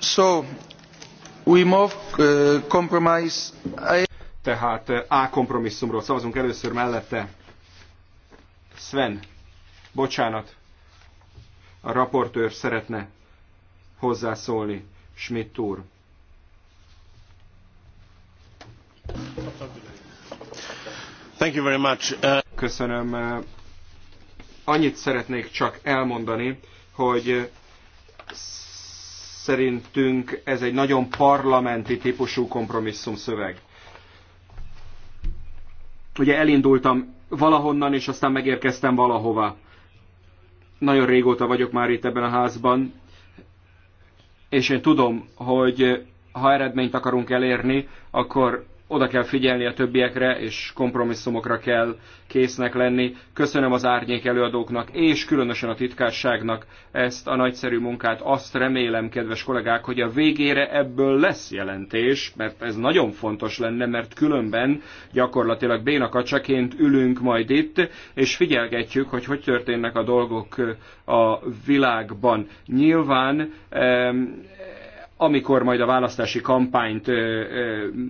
So, we move uh, compromise. I... Tehát uh, A kompromisszumról szavazunk először mellette. Sven, bocsánat, a raportőr szeretne hozzászólni, Schmidt úr. Thank you very much. Uh... Köszönöm uh, annyit szeretnék csak elmondani, hogy szerintünk ez egy nagyon parlamenti típusú kompromisszum szöveg. Ugye elindultam valahonnan, és aztán megérkeztem valahova. Nagyon régóta vagyok már itt ebben a házban, és én tudom, hogy ha eredményt akarunk elérni, akkor oda kell figyelni a többiekre, és kompromisszumokra kell késznek lenni. Köszönöm az árnyék előadóknak, és különösen a titkárságnak ezt a nagyszerű munkát. Azt remélem, kedves kollégák, hogy a végére ebből lesz jelentés, mert ez nagyon fontos lenne, mert különben gyakorlatilag bénakacsaként ülünk majd itt, és figyelgetjük, hogy hogy történnek a dolgok a világban. Nyilván amikor majd a választási kampányt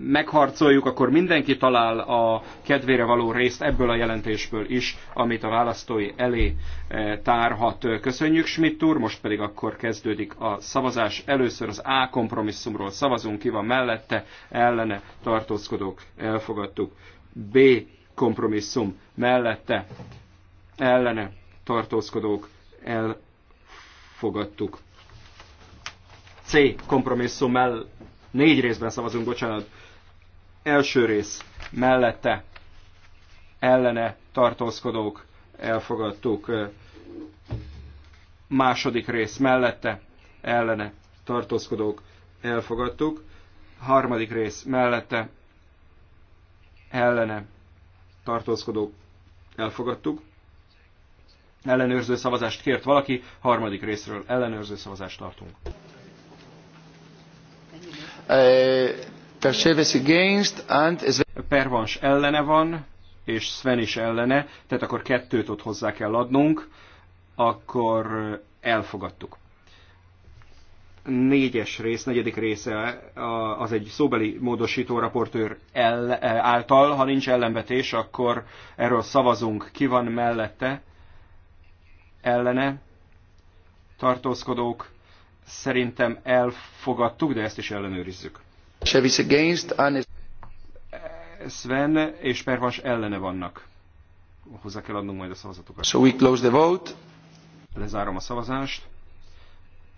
megharcoljuk, akkor mindenki talál a kedvére való részt ebből a jelentésből is, amit a választói elé tárhat. Köszönjük, Schmidt úr, most pedig akkor kezdődik a szavazás. Először az A kompromisszumról szavazunk, ki van mellette, ellene tartózkodók, elfogadtuk. B kompromisszum mellette, ellene tartózkodók, elfogadtuk. C kompromisszum mell négy részben szavazunk, bocsánat. Első rész mellette ellene tartózkodók elfogadtuk. Második rész mellette ellene tartózkodók elfogadtuk. Harmadik rész mellette ellene tartózkodók elfogadtuk. Ellenőrző szavazást kért valaki, harmadik részről ellenőrző szavazást tartunk. Uh, Pervans ellene van, és Sven is ellene, tehát akkor kettőt ott hozzá kell adnunk, akkor uh, elfogadtuk. Négyes rész, negyedik része az egy szóbeli módosító raportőr el, uh, által, ha nincs ellenvetés, akkor erről szavazunk, ki van mellette, ellene, tartózkodók, Szerintem elfogadtuk, de ezt is ellenőrizzük. Sven és Pervas ellene vannak. Hozzá kell adnunk majd a szavazatokat. So we close the vote. Lezárom a szavazást.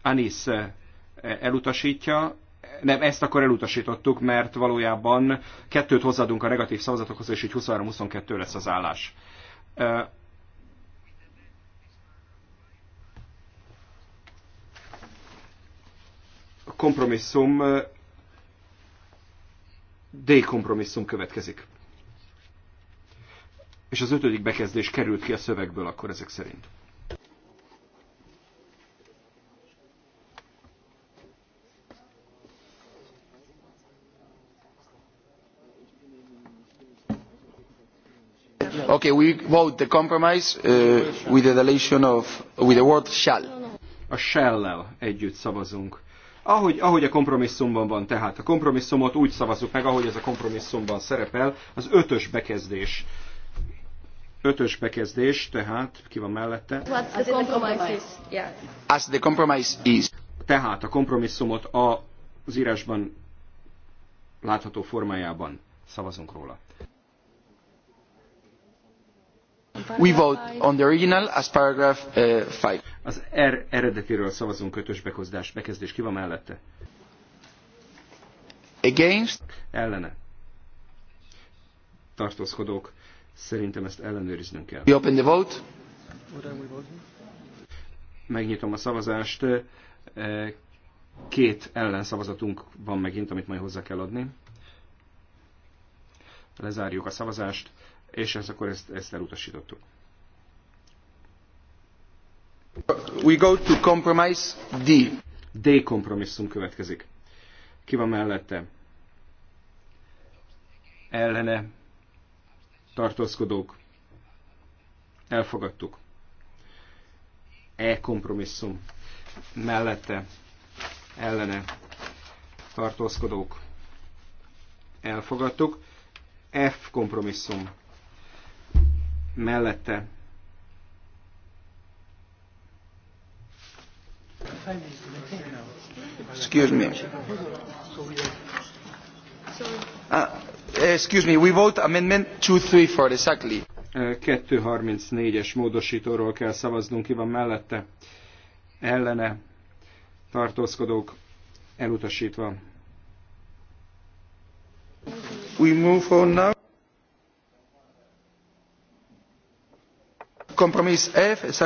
Anis eh, elutasítja, nem, ezt akkor elutasítottuk, mert valójában kettőt hozzáadunk a negatív szavazatokhoz, és így 23-22 lesz az állás. Eh, kompromisszum, D kompromisszum következik. És az ötödik bekezdés került ki a szövegből akkor ezek szerint. Okay, we vote the compromise uh, with the deletion of with the word shall. A shall együtt szavazunk. Ahogy, ahogy a kompromisszumban van tehát, a kompromisszumot úgy szavazzuk meg, ahogy ez a kompromisszumban szerepel, az ötös bekezdés. Ötös bekezdés, tehát ki van mellette? What's the compromise As the compromise is. Tehát a kompromisszumot az írásban látható formájában szavazunk róla. We vote on the original as paragraph 5. Uh, az R eredetiről szavazunk kötős bekozdás. Bekezdés ki van mellette? Against? Ellene. Tartózkodók. Szerintem ezt ellenőriznünk kell. We open the vote. Megnyitom a szavazást. Uh, két ellenszavazatunk van megint, amit majd hozzá kell adni. Lezárjuk a szavazást és ezt akkor ezt, ezt elutasítottuk. We go to compromise D. D kompromisszum következik. Ki van mellette? Ellene tartózkodók. Elfogadtuk. E kompromisszum mellette ellene tartózkodók. Elfogadtuk. F kompromisszum mellette Excuse me. Uh, excuse me, we vote amendment 234 exactly. 234-es módosítóról kell szavaznunk, ki van mellette. Ellene tartózkodók elutasítva. We move on now. Kompromiss F, ez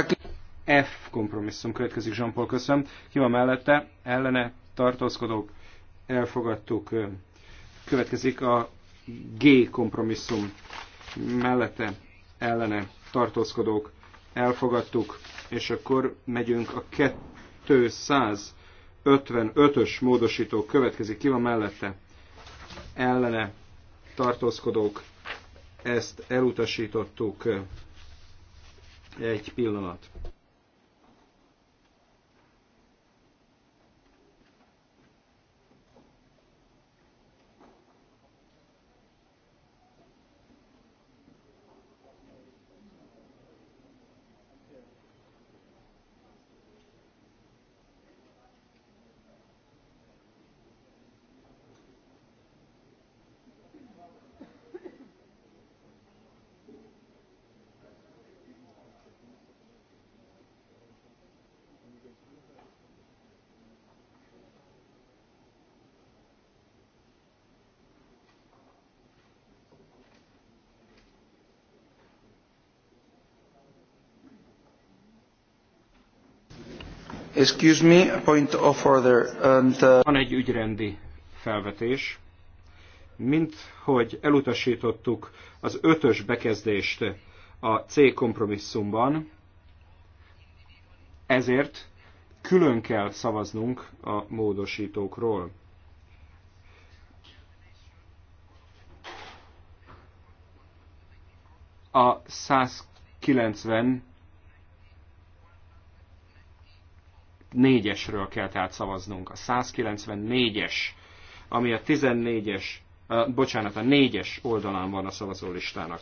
F kompromisszum következik, Jean-Paul, köszönöm. Ki van mellette? Ellene tartózkodók elfogadtuk. Következik a G kompromisszum mellette ellene tartózkodók elfogadtuk, és akkor megyünk a 255-ös módosító következik. Ki van mellette? Ellene tartózkodók, ezt elutasítottuk. Egy pillanat. Excuse me, point of order. And, uh... Van egy ügyrendi felvetés. Mint hogy elutasítottuk az ötös bekezdést a C kompromisszumban, ezért külön kell szavaznunk a módosítókról. A 190 négyesről kell tehát szavaznunk. A 194-es, ami a 14-es, uh, bocsánat, a 4-es oldalán van a szavazólistának.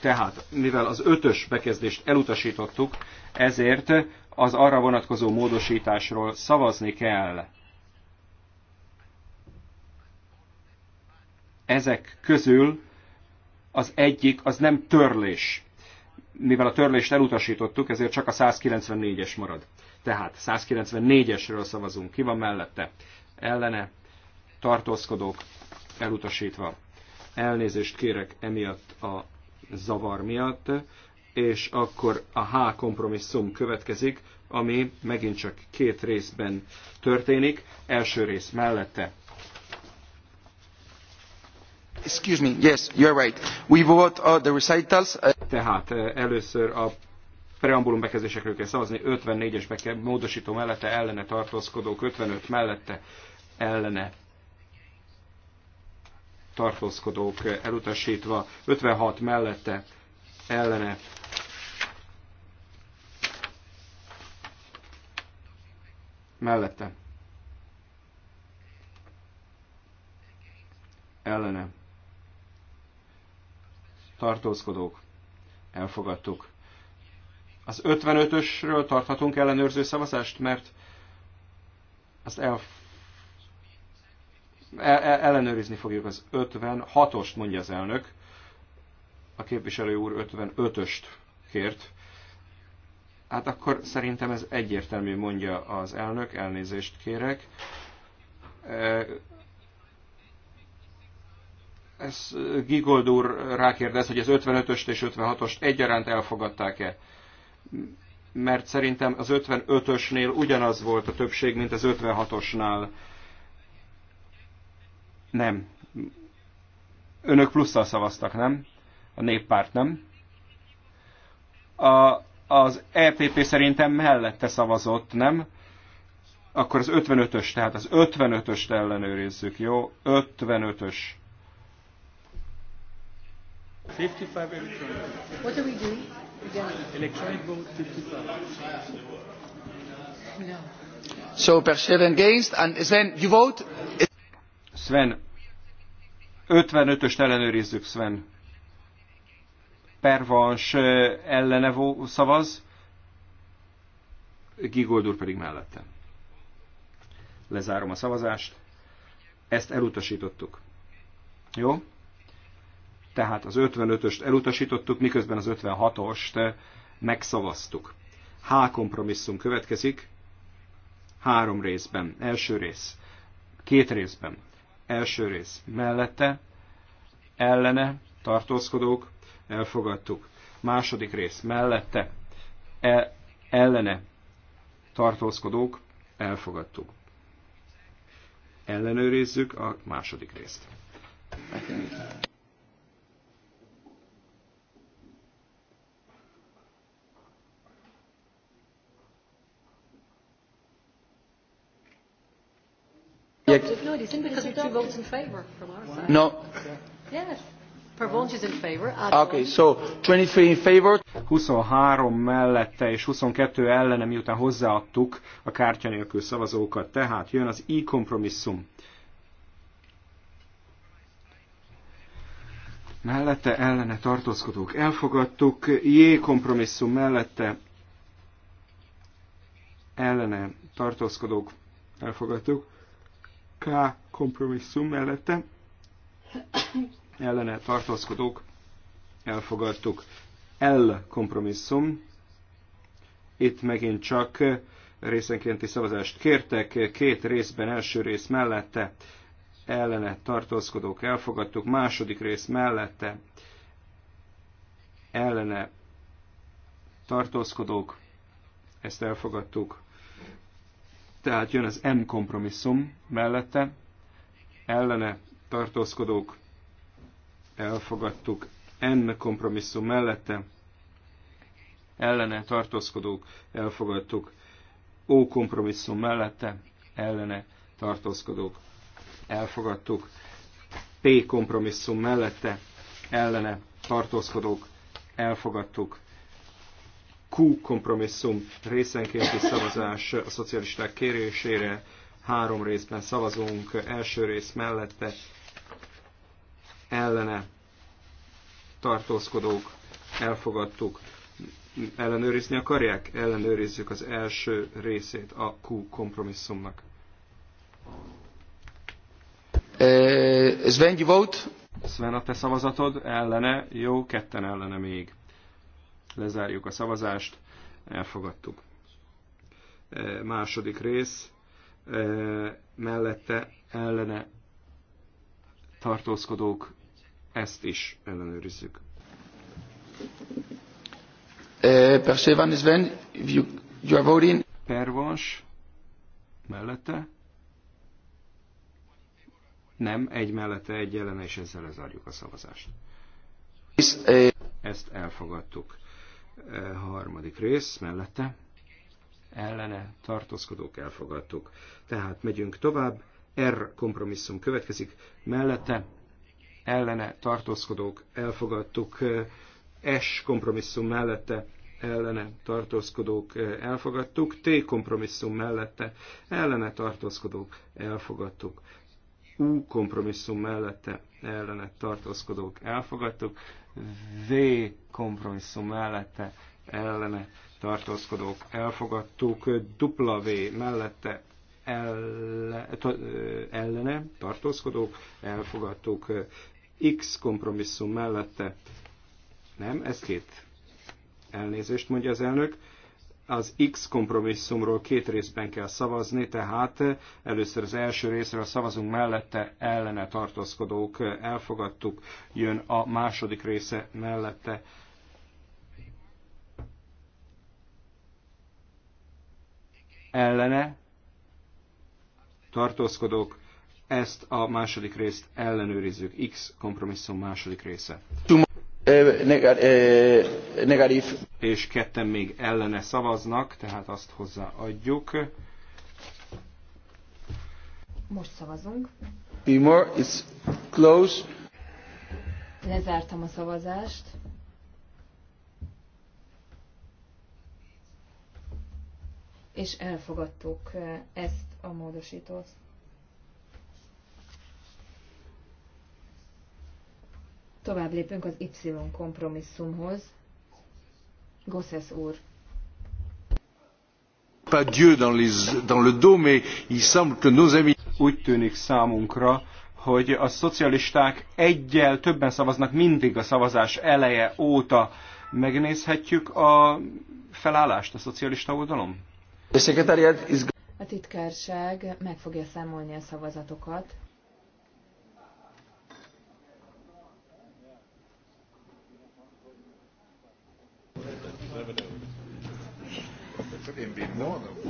Tehát, mivel az ötös bekezdést elutasítottuk, ezért az arra vonatkozó módosításról szavazni kell. Ezek közül az egyik, az nem törlés mivel a törlést elutasítottuk, ezért csak a 194-es marad. Tehát 194-esről szavazunk. Ki van mellette? Ellene, tartózkodók, elutasítva. Elnézést kérek emiatt a zavar miatt, és akkor a H kompromisszum következik, ami megint csak két részben történik. Első rész mellette excuse me, yes, you're right. We vote uh, the recitals. Uh, Tehát uh, először a preambulum bekezdésekről kell szavazni, 54-es módosító mellette ellene tartózkodók, 55 mellette ellene tartózkodók elutasítva, 56 mellette ellene mellette ellene tartózkodók, elfogadtuk. Az 55-ösről tarthatunk ellenőrző szavazást, mert azt el, el, ellenőrizni fogjuk az 56-ost, mondja az elnök. A képviselő úr 55-öst kért. Hát akkor szerintem ez egyértelmű, mondja az elnök, elnézést kérek. Ez Gigold úr rákérdez, hogy az 55-öst és 56-ost egyaránt elfogadták-e. Mert szerintem az 55-ösnél ugyanaz volt a többség, mint az 56-osnál. Nem. Önök plusszal szavaztak, nem? A néppárt, nem? A, az EPP szerintem mellette szavazott, nem? Akkor az 55-ös, tehát az 55-öst ellenőrizzük, jó? 55-ös. 55 electronic. What are we doing? Electronic vote 55. No. So Persian against and Sven, you vote? Sven, 55-öst ellenőrizzük, Sven. Pervans eh, ellene szavaz, Gigoldur pedig mellette. Lezárom a szavazást. Ezt elutasítottuk. Jó? Tehát az 55-öst elutasítottuk, miközben az 56-ost megszavaztuk. H kompromisszum következik, három részben. Első rész, két részben. Első rész mellette, ellene, tartózkodók, elfogadtuk. Második rész mellette, e, ellene, tartózkodók, elfogadtuk. Ellenőrizzük a második részt. it isn't because it's two votes in favour from our side. No. Yes. Pervonch is in favor. Okay, so 23 in favor. 23 mellette és 22 ellene, miután hozzáadtuk a kártya nélkül szavazókat. Tehát jön az e kompromisszum. Mellette ellene tartózkodók elfogadtuk. J kompromisszum mellette ellene tartózkodók elfogadtuk. K kompromisszum mellette ellene tartózkodók elfogadtuk. L kompromisszum. Itt megint csak részenkénti szavazást kértek, két részben, első rész mellette ellene tartózkodók elfogadtuk, második rész mellette ellene tartózkodók, ezt elfogadtuk tehát jön az M kompromisszum mellette, ellene tartózkodók, elfogadtuk, N kompromisszum mellette, ellene tartózkodók, elfogadtuk, O kompromisszum mellette, ellene tartózkodók, elfogadtuk, P kompromisszum mellette, ellene tartózkodók, elfogadtuk, Q kompromisszum részenkénti szavazás a szocialisták kérésére. Három részben szavazunk, első rész mellette ellene tartózkodók elfogadtuk. Ellenőrizni akarják? Ellenőrizzük az első részét a Q kompromisszumnak. Sven, you vote? Sven, a te szavazatod ellene, jó, ketten ellene még. Lezárjuk a szavazást. Elfogadtuk. E, második rész e, mellette ellene tartózkodók, ezt is ellenőrizzük. E, Persevan Sven, you, you are voting. Pervans, mellette. Nem, egy mellette, egy ellene, és ezzel lezárjuk a szavazást. Ezt elfogadtuk. E, harmadik rész mellette ellene tartózkodók elfogadtuk. Tehát megyünk tovább, R kompromisszum következik, mellette ellene tartózkodók elfogadtuk, e, S kompromisszum mellette ellene tartózkodók e, elfogadtuk, T kompromisszum mellette ellene tartózkodók elfogadtuk, U kompromisszum mellette ellene tartózkodók elfogadtuk, V kompromisszum mellette ellene tartózkodók elfogadtuk, W mellette ellene tartózkodók elfogadtuk, X kompromisszum mellette nem, ez két elnézést mondja az elnök, az X kompromisszumról két részben kell szavazni, tehát először az első részre a szavazunk mellette, ellene tartózkodók elfogadtuk, jön a második része mellette. Ellene tartózkodók, ezt a második részt ellenőrizzük. X kompromisszum második része negatív. És ketten még ellene szavaznak, tehát azt hozzáadjuk. Most szavazunk. Bimor, is close. Lezártam a szavazást. És elfogadtuk ezt a módosítót. Tovább lépünk az Y kompromisszumhoz. Gossesz úr. Pas Dieu dans, les, dans le dos, mais il semble que nos amis... Úgy tűnik számunkra, hogy a szocialisták egyel többen szavaznak mindig a szavazás eleje óta. Megnézhetjük a felállást a szocialista oldalon? A titkárság meg fogja számolni a szavazatokat.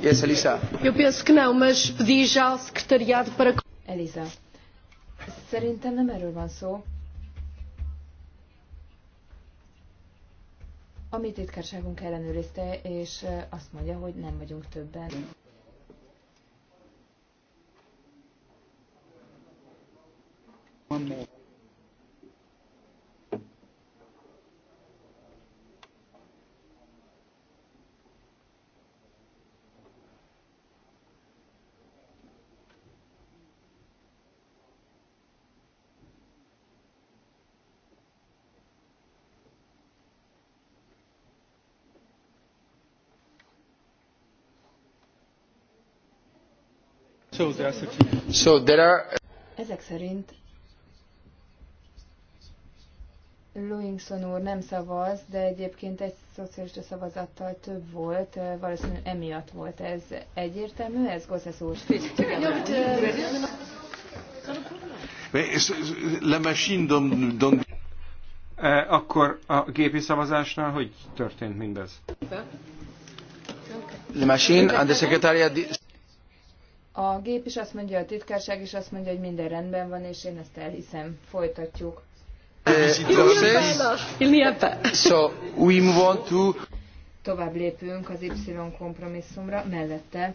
Yes, Elisa. Eu penso que não, mas pedi já ao secretariado para... Elisa, szerintem nem erről van szó. A mi titkárságunk ellenőrizte, és azt mondja, hogy nem vagyunk többen. One more. So there are Ezek szerint Lewinson úr nem szavaz, de egyébként egy szocialista szavazattal több volt, valószínűleg emiatt volt ez egyértelmű, ez Gossesz úr. E, akkor a gépi szavazásnál hogy történt mindez? Le machine and the secretariat a gép is azt mondja, a titkárság is azt mondja, hogy minden rendben van, és én ezt elhiszem. Folytatjuk. So, we want to... Tovább lépünk az Y kompromisszumra, mellette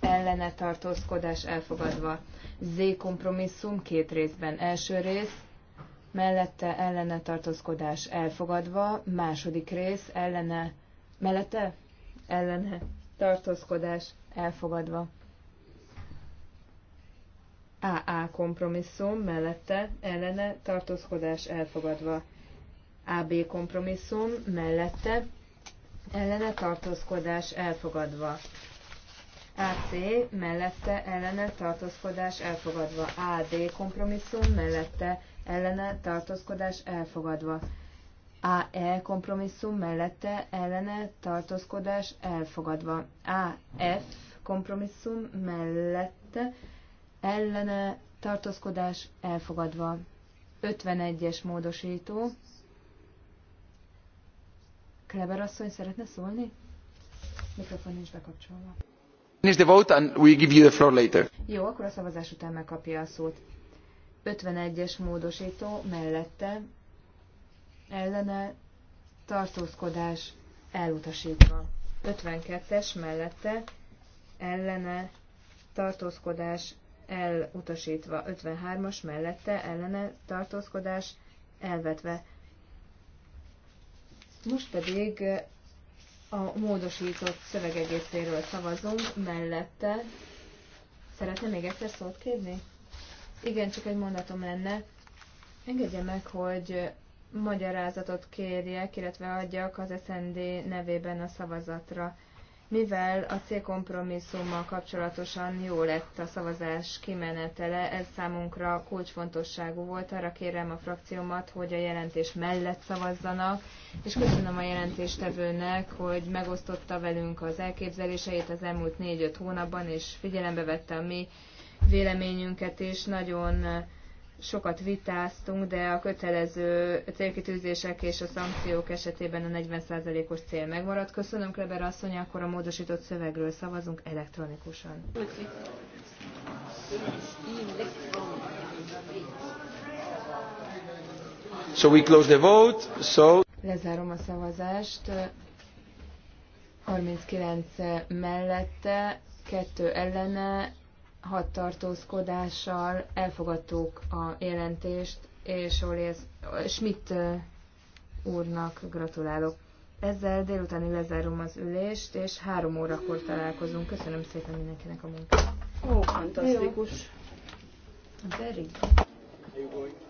ellene tartózkodás elfogadva. Z kompromisszum két részben. Első rész, mellette ellene tartózkodás elfogadva, második rész, ellene, mellette ellene tartózkodás elfogadva. AA kompromisszum mellette ellene tartózkodás elfogadva. AB kompromisszum mellette ellene tartózkodás elfogadva. AC mellette ellene tartózkodás elfogadva. AD kompromisszum mellette ellene tartózkodás elfogadva. AE kompromisszum mellette ellene tartózkodás elfogadva. AF kompromisszum mellette ellene tartózkodás elfogadva. 51-es módosító. Kleber asszony szeretne szólni? Mikrofon nincs bekapcsolva. the vote and we give you the floor later. Jó, akkor a szavazás után megkapja a szót. 51-es módosító mellette ellene tartózkodás elutasítva. 52-es mellette ellene tartózkodás elutasítva, 53-as mellette ellene tartózkodás elvetve. Most pedig a módosított szövegegészéről szavazunk, mellette. Szeretne még egyszer szót kérni? Igen, csak egy mondatom lenne. Engedje meg, hogy magyarázatot kérjek, illetve adjak az SND nevében a szavazatra mivel a célkompromisszummal kapcsolatosan jó lett a szavazás kimenetele, ez számunkra kulcsfontosságú volt. Arra kérem a frakciómat, hogy a jelentés mellett szavazzanak, és köszönöm a jelentéstevőnek, hogy megosztotta velünk az elképzeléseit az elmúlt négy-öt hónapban, és figyelembe vette a mi véleményünket, és nagyon sokat vitáztunk, de a kötelező célkitűzések és a szankciók esetében a 40%-os cél megmaradt. Köszönöm, Kleber asszony, akkor a módosított szövegről szavazunk elektronikusan. So we close the vote. So... Lezárom a szavazást. 39 mellette, 2 ellene, hat tartózkodással elfogadtuk a jelentést, és Oléz, Schmidt úrnak gratulálok. Ezzel délutáni lezárom az ülést, és három órakor találkozunk. Köszönöm szépen mindenkinek a munkát. Ó, fantasztikus. Very.